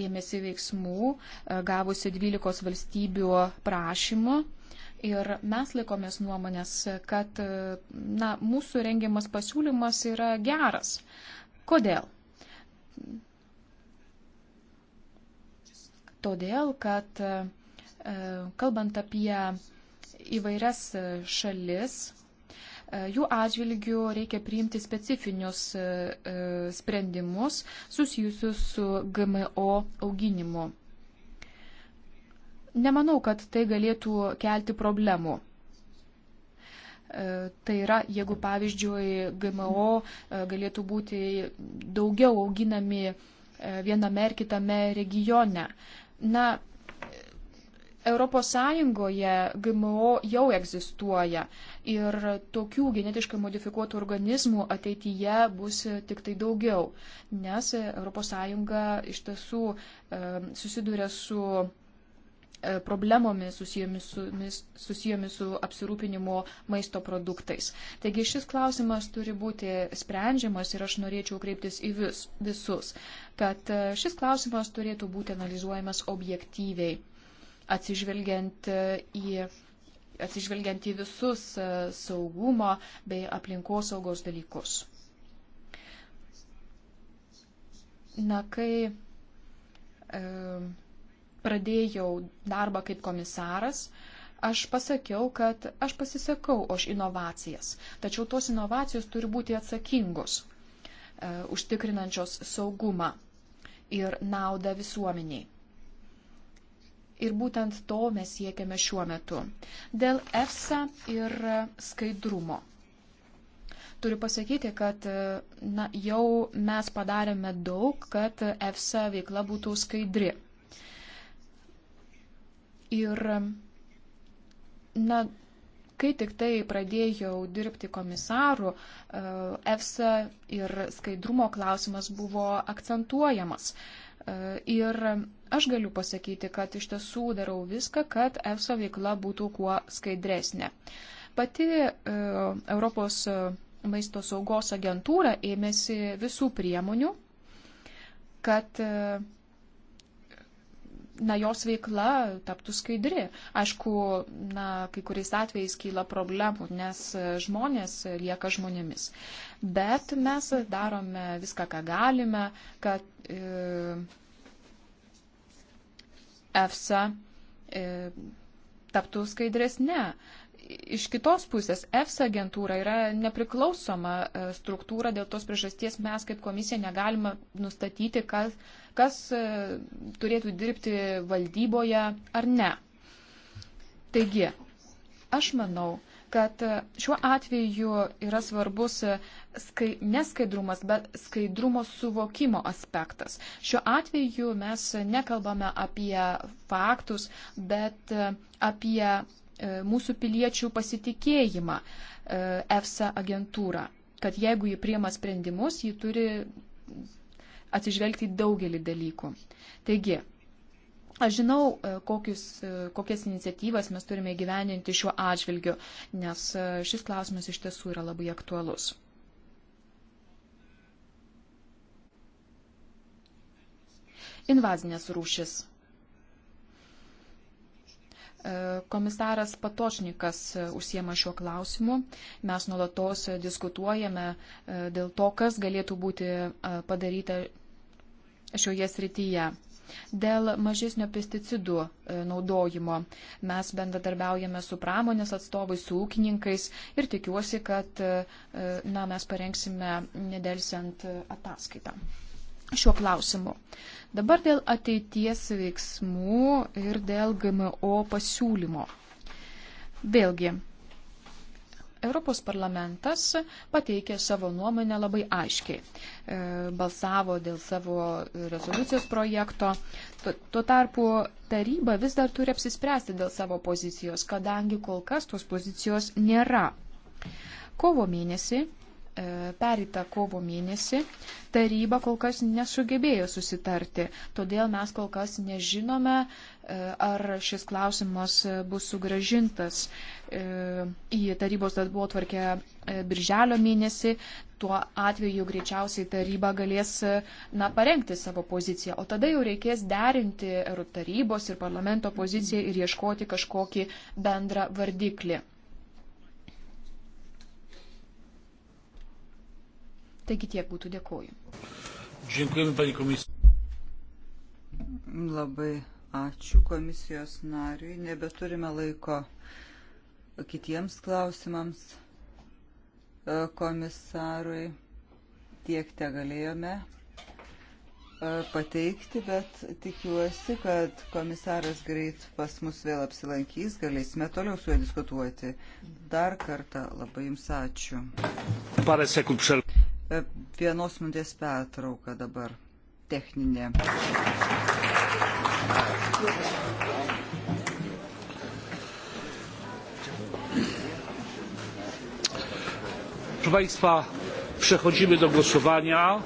ėmėsi veiksmų, e, gavusi 12 valstybių prašymą Ir mes laikomės nuomonės, kad na, mūsų rengiamas pasiūlymas yra geras. Kodėl? Todėl, kad e, kalbant apie įvairias šalis, e, jų atžvilgių reikia priimti specifinius e, sprendimus susijusius su GMO auginimu. Nemanau, kad tai galėtų kelti problemų. E, tai yra, jeigu pavyzdžiui GMO e, galėtų būti daugiau auginami e, viename ar kitame regione. Na, Europos Sąjungoje GMO jau egzistuoja ir tokių genetiškai modifikuotų organizmų ateityje bus tik tai daugiau, nes Europos Sąjunga iš tiesų susiduria su E, problemomis susijomis su, susijomis su apsirūpinimu maisto produktais. Taigi šis klausimas turi būti sprendžiamas ir aš norėčiau kreiptis į vis, visus, kad e, šis klausimas turėtų būti analizuojamas objektyviai, atsižvelgiant e, į atsižvelgiant į visus saugumo bei aplinkosaugos dalykus. Na, kai e, pradėjau darbą kaip komisaras, aš pasakiau, kad aš pasisakau už inovacijas, tačiau tos inovacijos turi būti atsakingos, e, užtikrinančios saugumą ir naudą visuomeniai. Ir būtent to mes siekiame šiuo metu. Dėl EFSA ir skaidrumo. Turiu pasakyti, kad e, na, jau mes padarėme daug, kad EFSA veikla būtų skaidri. Ir, na, kai tik tai pradėjau dirbti komisaru, e, EFSA ir skaidrumo klausimas buvo akcentuojamas. E, ir aš galiu pasakyti, kad iš tiesų darau viską, kad EFSA veikla būtų kuo skaidresnė. Pati e, Europos maisto saugos agentūra ėmėsi visų priemonių, kad na, jos veikla taptų skaidri. Aišku, na, kai kuriais atvejais kyla problemų, nes žmonės lieka žmonėmis. Bet mes darome viską, ką galime, kad e, EFSA e, taptų skaidresnė. Ne iš kitos pusės EFSA agentūra yra nepriklausoma e, struktūra, dėl tos priežasties mes kaip komisija negalime nustatyti, kas, kas e, turėtų dirbti valdyboje ar ne. Taigi, aš manau, kad e, šiuo atveju yra svarbus skai, neskaidrumas, bet skaidrumo suvokimo aspektas. Šiuo atveju mes nekalbame apie faktus, bet apie E, mūsų piliečių pasitikėjimą e, EFSA agentūrą, kad jeigu ji priema sprendimus, ji turi atsižvelgti daugelį dalykų. Taigi, Aš žinau, e, kokius, kokias iniciatyvas mes turime gyveninti šiuo atžvilgiu, nes šis klausimas iš tiesų yra labai aktualus. Invazinės rūšis. E, komisaras Patočnikas e, užsiema šiuo klausimu. Mes nuolatos e, diskutuojame dėl to, kas galėtų būti padaryta šioje srityje. Dėl mažesnio pesticidų naudojimo mes bendradarbiaujame su pramonės atstovais, su ūkininkais ir tikiuosi, kad na, mes parengsime nedelsiant ataskaitą šiuo klausimu. Dabar dėl ateities veiksmų ir dėl GMO pasiūlymo. Vėlgi, Europos parlamentas pateikė savo nuomonę labai aiškiai. E, balsavo dėl savo rezoliucijos projekto. Tuo tarpu taryba vis dar turi apsispręsti dėl savo pozicijos, kadangi kol kas tos pozicijos nėra. Kovo mėnesį E, pereitą kovo mėnesį taryba kol kas nesugebėjo susitarti, todėl mes kol kas nežinome, e, ar šis klausimas bus sugražintas e, į tarybos darbo atvarkę birželio mėnesį. Tuo atveju greičiausiai taryba galės na, parengti savo poziciją, o tada jau reikės derinti tarybos ir parlamento poziciją ir ieškoti kažkokį bendrą vardiklį. Taigi tiek būtų dėkoju. Dėkujame, panė komisija. Labai ačiū komisijos nariui. Nebeturime laiko kitiems klausimams e, komisarui. Tiek te galėjome e, pateikti, bet tikiuosi, kad komisaras greit pas mus vėl apsilankys, galėsime toliau su juo diskutuoti. Dar kartą labai jums ačiū. Parą sekundžių. E, vienos minutės pertrauka dabar techninė. Proszę Państwa, przechodzimy do głosowania.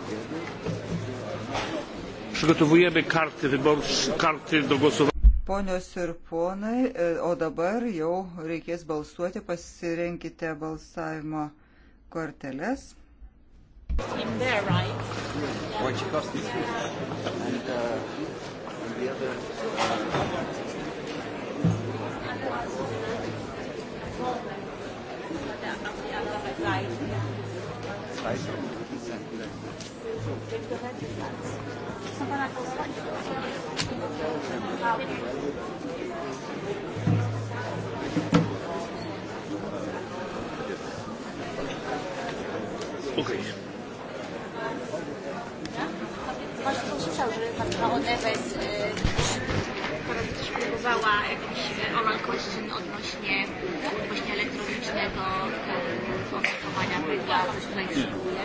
Przygotowujemy karty wyborcze, karty do głosowania. Ponios ir ponai, e, o dabar jau reikės balsuoti, pasirenkite balsavimo korteles. In there, right? Well, she crossed the street. And, uh, and the other. Uh, Thank you. zastosowania węgla coś tutaj szczególnie?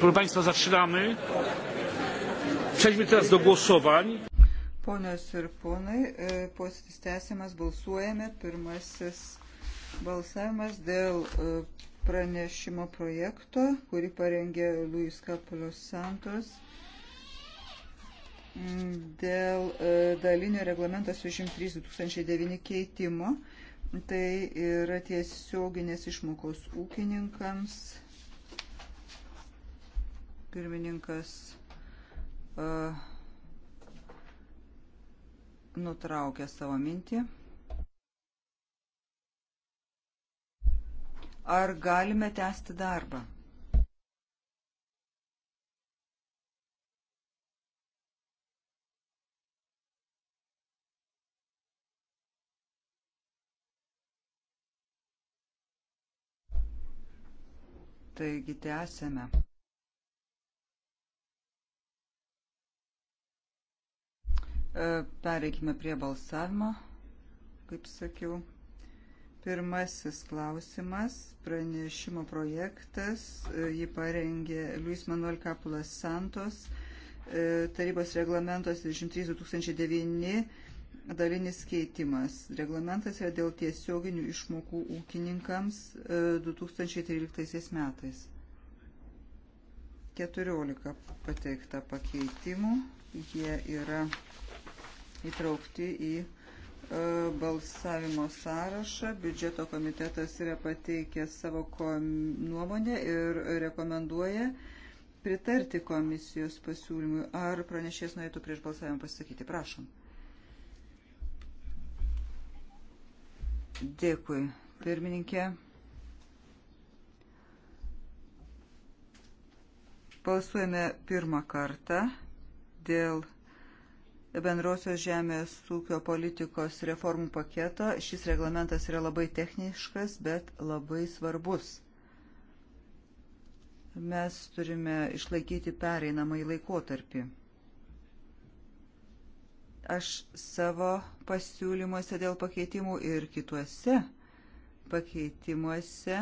Proszę Państwa, zaczynamy. Przejdźmy teraz do głosowań. Ponios ir ponai, e, posėdis tęsiamas, balsuojame. Pirmasis balsavimas dėl e, pranešimo projekto, kurį parengė Luis Kapolios Santos dėl e, dalinio reglamento 603-2009 keitimo. Tai yra tiesioginės išmokos ūkininkams. Pirmininkas. Uh, nutraukė savo mintį. Ar galime tęsti darbą? Taigi tęsėme. E, pereikime prie balsavimo, kaip sakiau. Pirmasis klausimas - pranešimo projektas. E, jį parengė Luis Manuel Kapulas Santos, e, tarybos reglamentos 23.2009 dalinis keitimas. Reglamentas yra dėl tiesioginių išmokų ūkininkams 2013 metais. 14 pateikta pakeitimų. Jie yra įtraukti į e, balsavimo sąrašą. Biudžeto komitetas yra pateikęs savo nuomonę ir rekomenduoja pritarti komisijos pasiūlymui. Ar pranešės norėtų prieš balsavimą pasakyti? Prašom. Dėkui, pirmininkė. Balsuojame pirmą kartą dėl bendrosios žemės ūkio politikos reformų paketo. Šis reglamentas yra labai techniškas, bet labai svarbus. Mes turime išlaikyti pereinamąjį laikotarpį. Aš savo pasiūlymuose dėl pakeitimų ir kituose pakeitimuose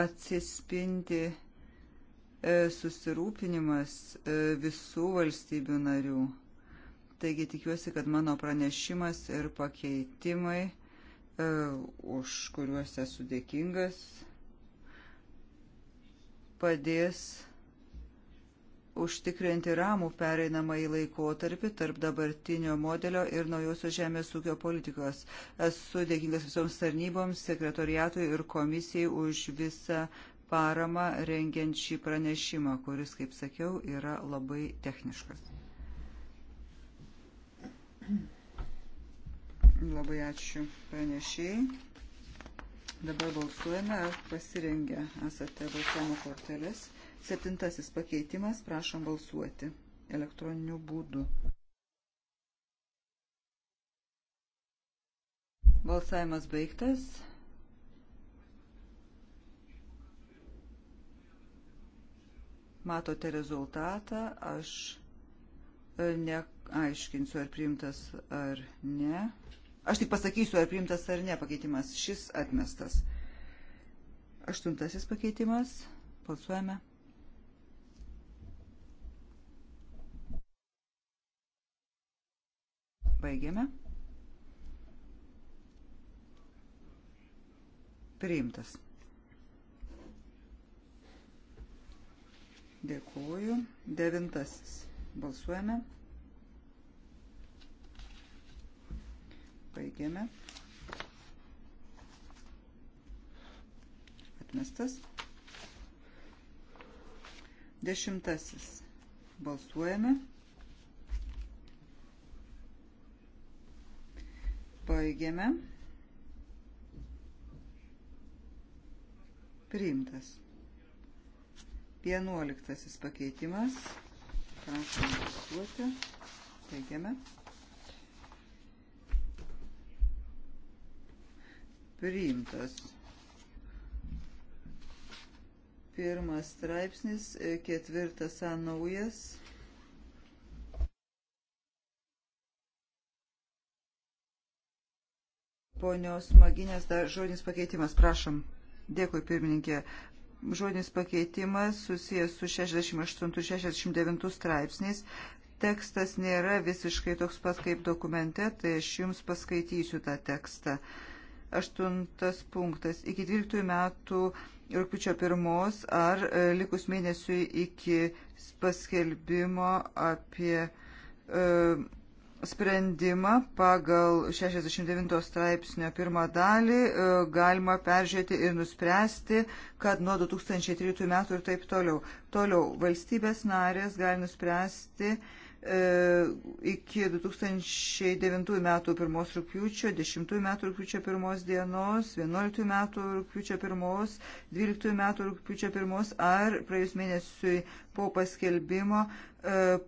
atsispindi e, susirūpinimas e, visų valstybių narių Taigi tikiuosi, kad mano pranešimas ir pakeitimai, e, už kuriuos esu dėkingas, padės užtikrinti ramų pereinamą į laikotarpį tarp dabartinio modelio ir naujosios žemės ūkio politikos. Esu dėkingas visoms tarnyboms, sekretoriatui ir komisijai už visą paramą rengiant šį pranešimą, kuris, kaip sakiau, yra labai techniškas. Labai ačiū pranešėjai. Dabar balsuojame, ar pasirengę esate balsavimo kortelės. Septintasis pakeitimas, prašom balsuoti elektroniniu būdu. Balsavimas baigtas. Matote rezultatą, aš e, ne aiškinsiu, ar priimtas ar ne. Aš tik pasakysiu, ar priimtas ar ne pakeitimas. Šis atmestas. Aštuntasis pakeitimas. Balsuojame. Baigiame. Priimtas. Dėkuoju. Devintasis. Balsuojame. Balsuojame. Baigėme. Atmestas. Dešimtasis. Balsuojame. Baigėme. Priimtas. Vienuoliktasis pakeitimas. Prašom balsuoti. Baigiame. priimtas. Pirmas straipsnis, e, ketvirtas A naujas. Ponios Maginės, dar žodinis pakeitimas, prašom. Dėkui, pirmininkė. Žodinis pakeitimas susijęs su 68-69 straipsniais. Tekstas nėra visiškai toks pat kaip dokumente, tai aš jums paskaitysiu tą tekstą. Uh, Aštuntas punktas. Iki 12 metų rūpiučio pirmos ar e, likus mėnesiui iki paskelbimo apie e, sprendimą pagal 69 straipsnio pirmą dalį e, galima peržiūrėti ir nuspręsti, kad nuo 2003 metų ir taip toliau. Toliau valstybės narės gali nuspręsti, E, iki 2009 metų 1 rūpiučio, 10 metų rūpiučio 1 dienos, 11 metų rūpiučio 1, 12 metų rūpiučio 1 ar praėjus mėnesiui po paskelbimo e,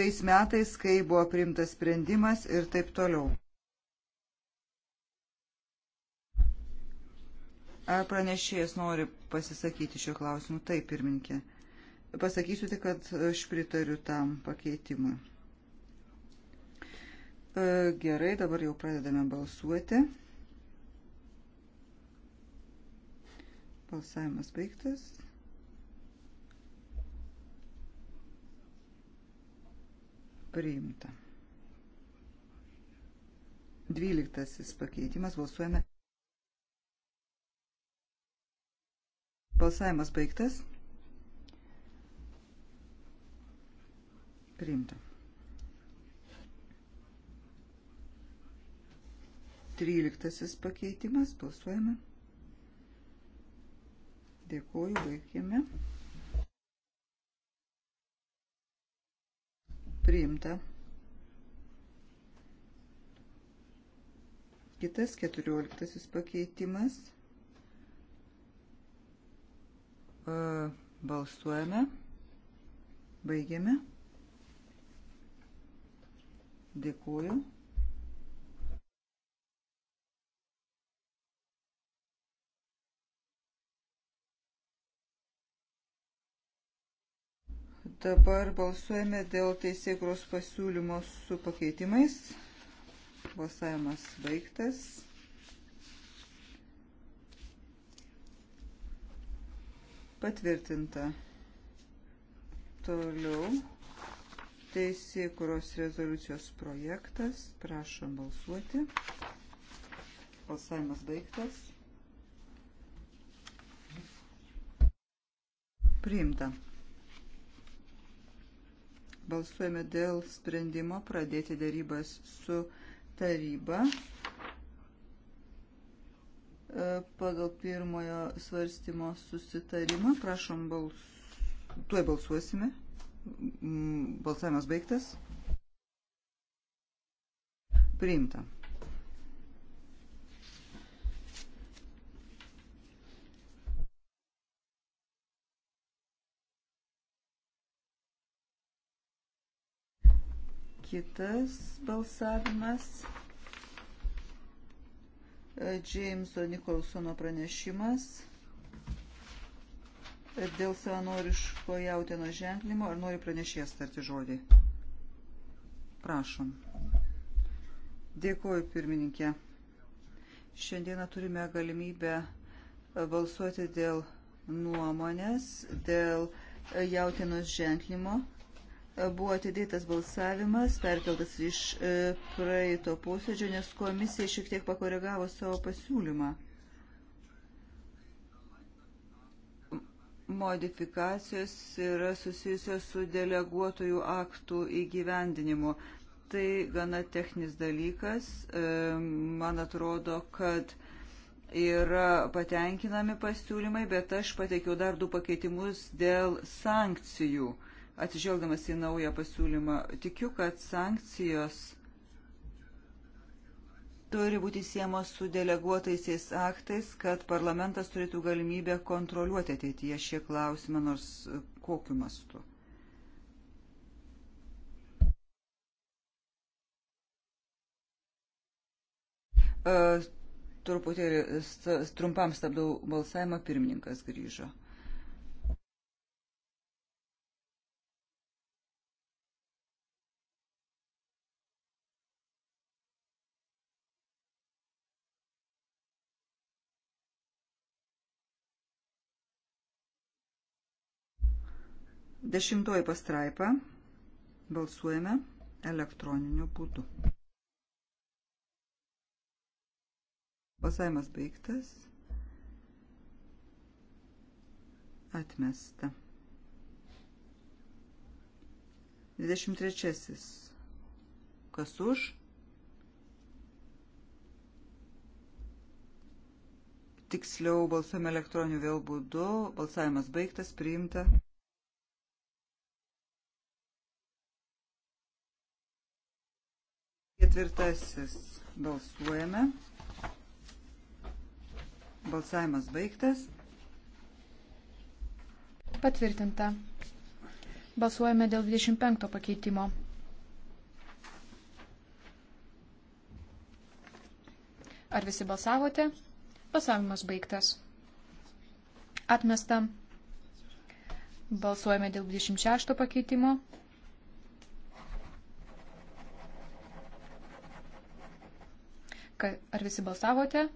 tais metais, kai buvo priimtas sprendimas ir taip toliau. Ar pranešėjas nori pasisakyti šiuo klausimu? Taip, pirminkė pasakysiu tik, kad aš pritariu tam pakeitimui. E, gerai, dabar jau pradedame balsuoti. Balsavimas baigtas. Priimta. Dvyliktasis pakeitimas. Balsuojame. Balsavimas baigtas. Priimta. 13 pakeitimas. Balsuojame. Dėkuoju, baigėme. Priimta. Kitas 14 pakeitimas. Balsuojame. Baigiame. Dėkuoju. Dabar balsuojame dėl teisėkros pasiūlymo su pakeitimais. Balsavimas baigtas. Patvirtinta. Toliau teisėkuros rezoliucijos projektas. Prašom balsuoti. Balsavimas baigtas. Priimta. Balsuojame dėl sprendimo pradėti darybas su taryba e, pagal pirmojo svarstymo susitarimą. Prašom balsuoti. Tuoj balsuosime. Mm, balsavimas baigtas. Priimta. Kitas balsavimas. Džeimso Nikolsono pranešimas dėl savanoriško jautino ženklimo, ar nori pranešėjas tarti žodį? Prašom. Dėkuoju, pirmininkė. Šiandieną turime galimybę balsuoti dėl nuomonės, dėl jautinos ženklimo. Buvo atidėtas balsavimas, perkeltas iš e, praeito posėdžio, nes komisija šiek tiek pakoregavo savo pasiūlymą. modifikacijos yra susijusios su deleguotojų aktų įgyvendinimu. Tai gana techninis dalykas. E, man atrodo, kad yra patenkinami pasiūlymai, bet aš pateikiau dar du pakeitimus dėl sankcijų. Atsižvelgdamas į naują pasiūlymą, tikiu, kad sankcijos turi būti siemos su deleguotaisiais aktais, kad parlamentas turėtų galimybę kontroliuoti ateityje šie klausimą, nors kokiu mastu. E, truputėlį trumpam stabdau balsavimą, pirmininkas grįžo. Dešimtoji pastraipa. Balsuojame elektroniniu būdu. Balsavimas baigtas. Atmesta. 23. Kas už? Tiksliau balsuojame elektroniniu vėl būdu. Balsavimas baigtas, priimta. Ketvirtasis. Balsuojame. Balsavimas baigtas. Patvirtinta. Balsuojame dėl 25 pakeitimo. Ar visi balsavote? Balsavimas baigtas. Atmesta. Balsuojame dėl 26 pakeitimo. Ar visi balsavote?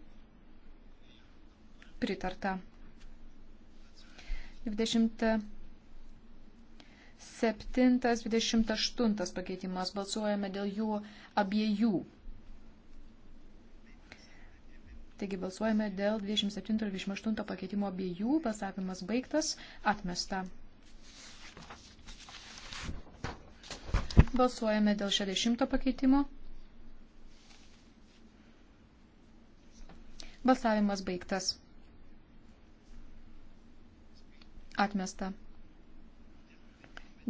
Pritarta. 27, 28 pakeitimas. Balsuojame dėl jų abiejų. Taigi balsuojame dėl 27 ir 28 pakeitimo abiejų. Balsavimas baigtas. Atmesta. Balsuojame dėl 60 pakeitimo. Balsavimas baigtas. Atmesta.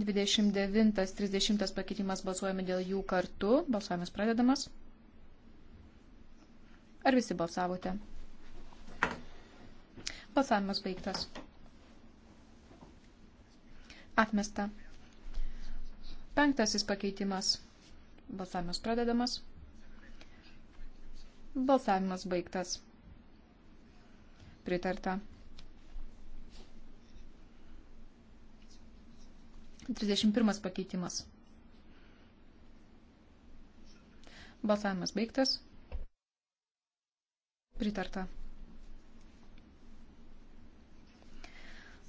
29-30 pakeitimas balsuojame dėl jų kartu. Balsavimas pradedamas. Ar visi balsavote? Balsavimas baigtas. Atmesta. Penktasis pakeitimas. Balsavimas pradedamas. Balsavimas baigtas pritarta. 31 pakeitimas. Balsavimas baigtas. Pritarta.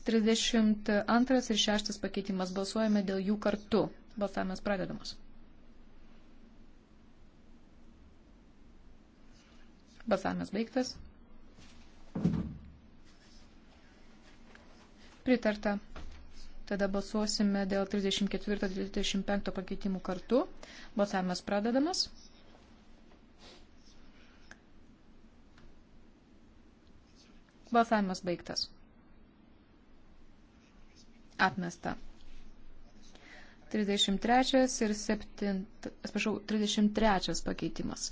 32 ir 6 pakeitimas. Balsuojame dėl jų kartu. Balsavimas pradedamas. Balsavimas baigtas. Pritarta. Tada balsuosime dėl 34-35 pakeitimų kartu. Balsavimas pradedamas. Balsavimas baigtas. Atmesta. 33 ir 7, atsiprašau, 33 pakeitimas.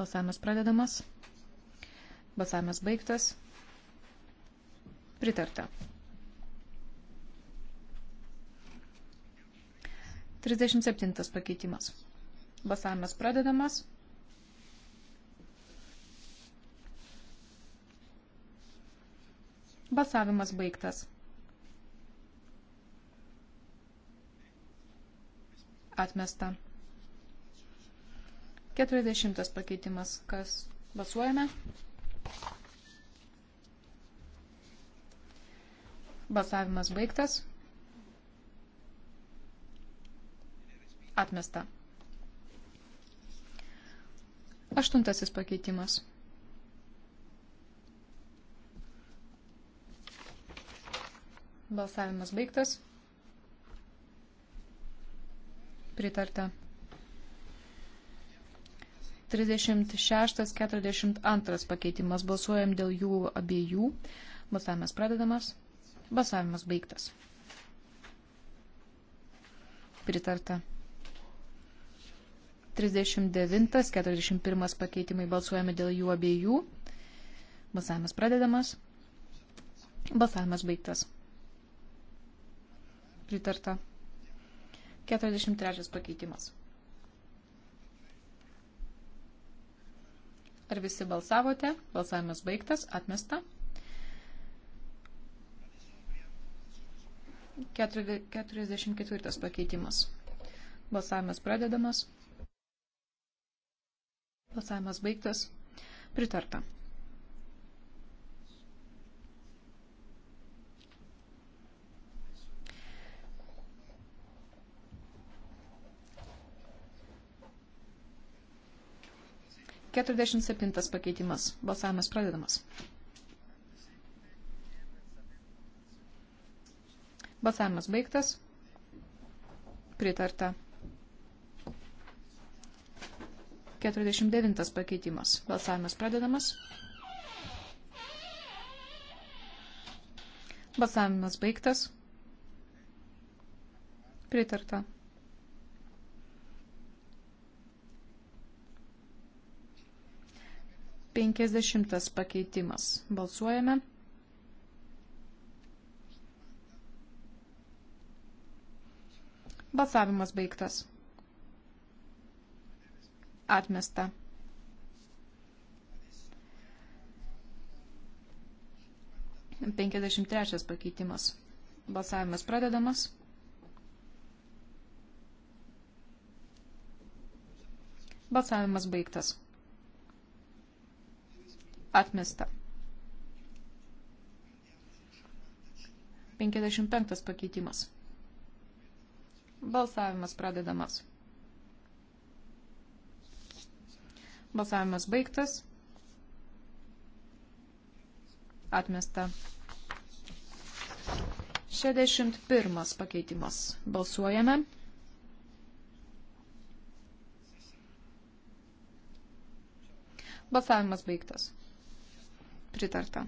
Balsavimas pradedamas. Balsavimas baigtas. Pritarta. 37 pakeitimas. Basavimas pradedamas. Basavimas baigtas. Atmesta. 40 pakeitimas. Kas basuojame? Balsavimas baigtas. Atmesta. Aštuntasis pakeitimas. Balsavimas baigtas. Pritarta. 36-42 pakeitimas. Balsuojam dėl jų abiejų. Balsavimas pradedamas. Balsavimas baigtas. Pritarta. 39-41 pakeitimai balsuojame dėl jų abiejų. Balsavimas pradedamas. Balsavimas baigtas. Pritarta. 43 pakeitimas. Ar visi balsavote? Balsavimas baigtas, atmesta. 44 pakeitimas. Balsavimas pradedamas. Balsavimas baigtas. Pritarta. Keturiasdešimt septintas pakeitimas. Balsavimas pradedamas. Balsavimas baigtas. Pritarta. 49 pakeitimas. Balsavimas pradedamas. Balsavimas baigtas. Pritarta. Penkiasdešimtas pakeitimas. Balsuojame. Balsavimas baigtas. Atmesta. Penkiasdešimt trečias pakeitimas. Balsavimas pradedamas. Balsavimas baigtas. Atmesta. 55 pakeitimas. Balsavimas pradedamas. Balsavimas baigtas. Atmesta. 61 pakeitimas. Balsuojame. Balsavimas baigtas. Pritarta.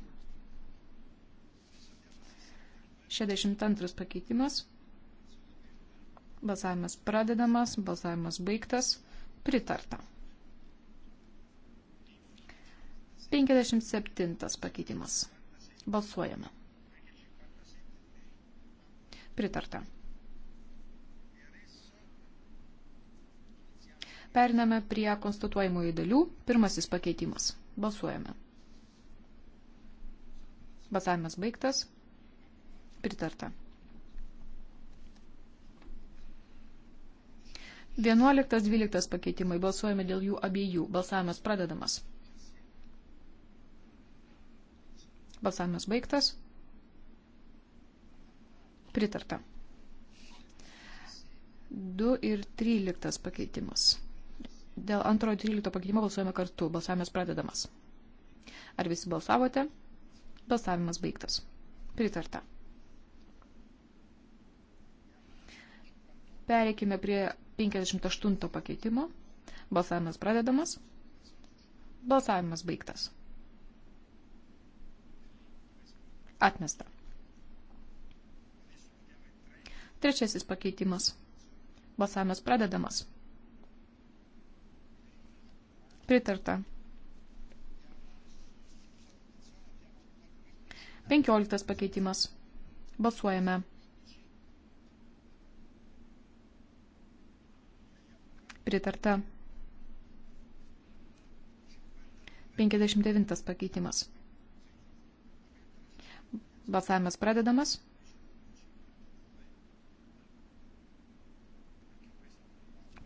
62 pakeitimas. Balsavimas pradedamas, balsavimas baigtas, pritarta. 57 pakeitimas. Balsuojame. Pritarta. Periname prie konstatuojimų įdalių. Pirmasis pakeitimas. Balsuojame. Balsavimas baigtas. Pritarta. 11-12 pakeitimai. Balsuojame dėl jų abiejų. Balsavimas pradedamas. Balsavimas baigtas. Pritarta. 2 ir 13 pakeitimas. Dėl antrojo 13 pakeitimo balsuojame kartu. Balsavimas pradedamas. Ar visi balsavote? Balsavimas baigtas. Pritarta. Pereikime prie 58 pakeitimo. Balsavimas pradedamas. Balsavimas baigtas. Atmesta. Trečiasis pakeitimas. Balsavimas pradedamas. Pritarta. 15 pakeitimas. Balsuojame. Pritarta. 59 pakeitimas. Balsavimas pradedamas.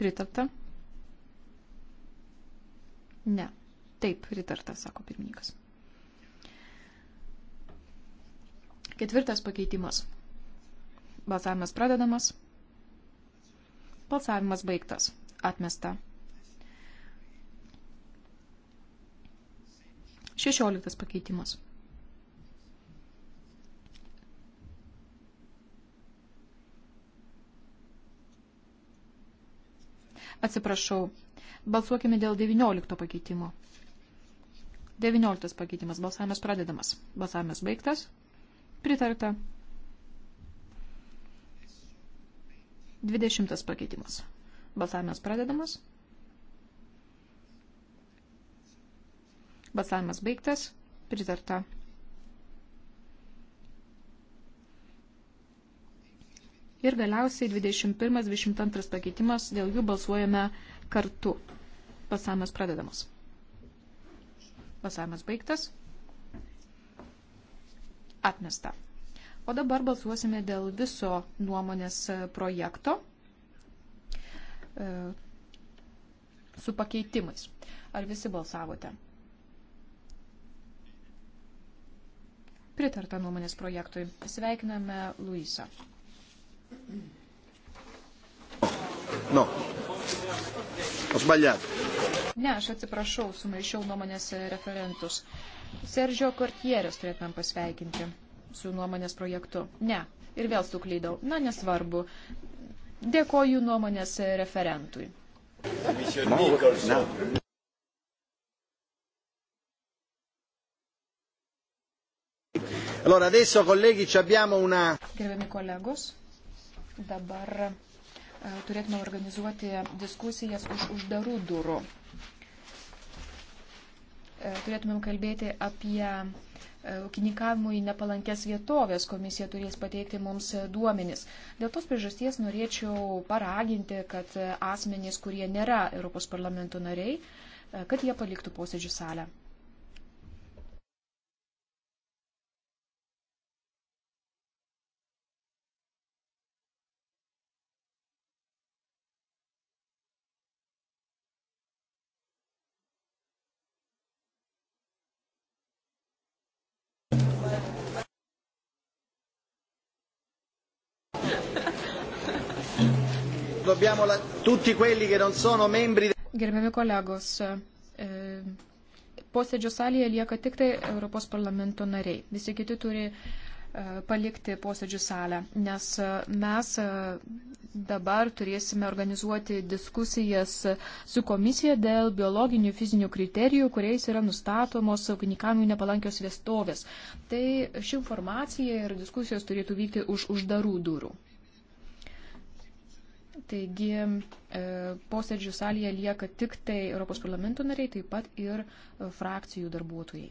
Pritarta. Ne. Taip, pritarta, sako pirmininkas. Ketvirtas pakeitimas. Balsavimas pradedamas. Balsavimas baigtas. Atmesta. 16 pakeitimas. Atsiprašau, balsuokime dėl 19 pakeitimo. 19 pakeitimas. Balsavimas pradedamas. Balsavimas baigtas. Pritarta. 20 pakeitimas. Balsavimas pradedamas. Balsavimas baigtas. Pritarta. Ir galiausiai 21-22 pakeitimas, dėl jų balsuojame kartu. Balsavimas pradedamas. Balsavimas baigtas. Atmesta. O dabar balsuosime dėl viso nuomonės projekto. E, su pakeitimais. Ar visi balsavote? Pritarta nuomonės projektui. Sveikiname Luisą. No. Osbalėt. Ne, aš atsiprašau, sumaišiau nuomonės referentus. Seržio Kortierės turėtumėm pasveikinti su nuomonės projektu. Ne, ir vėl suklydau. Na, nesvarbu. Dėkoju nuomonės referentui. Allora, adesso, colleghi, abbiamo una... Gerbiami kolegos, dabar e, turėtume organizuoti diskusijas už uždarų durų. E, turėtumėm kalbėti apie E, ūkininkavimui nepalankės vietovės komisija turės pateikti mums duomenis. Dėl tos priežasties norėčiau paraginti, kad asmenys, kurie nėra Europos parlamento nariai, e, kad jie paliktų posėdžių salę. Invitiamo la, tutti quelli che non sono membri. Gerbiami kolegos, e, posėdžio salėje lieka tik tai Europos parlamento nariai. Visi kiti turi e, palikti posėdžių salę, nes e, mes dabar turėsime organizuoti diskusijas su komisija dėl biologinių fizinių kriterijų, kuriais yra nustatomos ūkininkavimui nepalankios viestovės. Tai ši informacija ir diskusijos turėtų vykti už uždarų durų. Taigi e, posėdžių salėje lieka tik tai Europos parlamento nariai, taip pat ir e, frakcijų darbuotojai.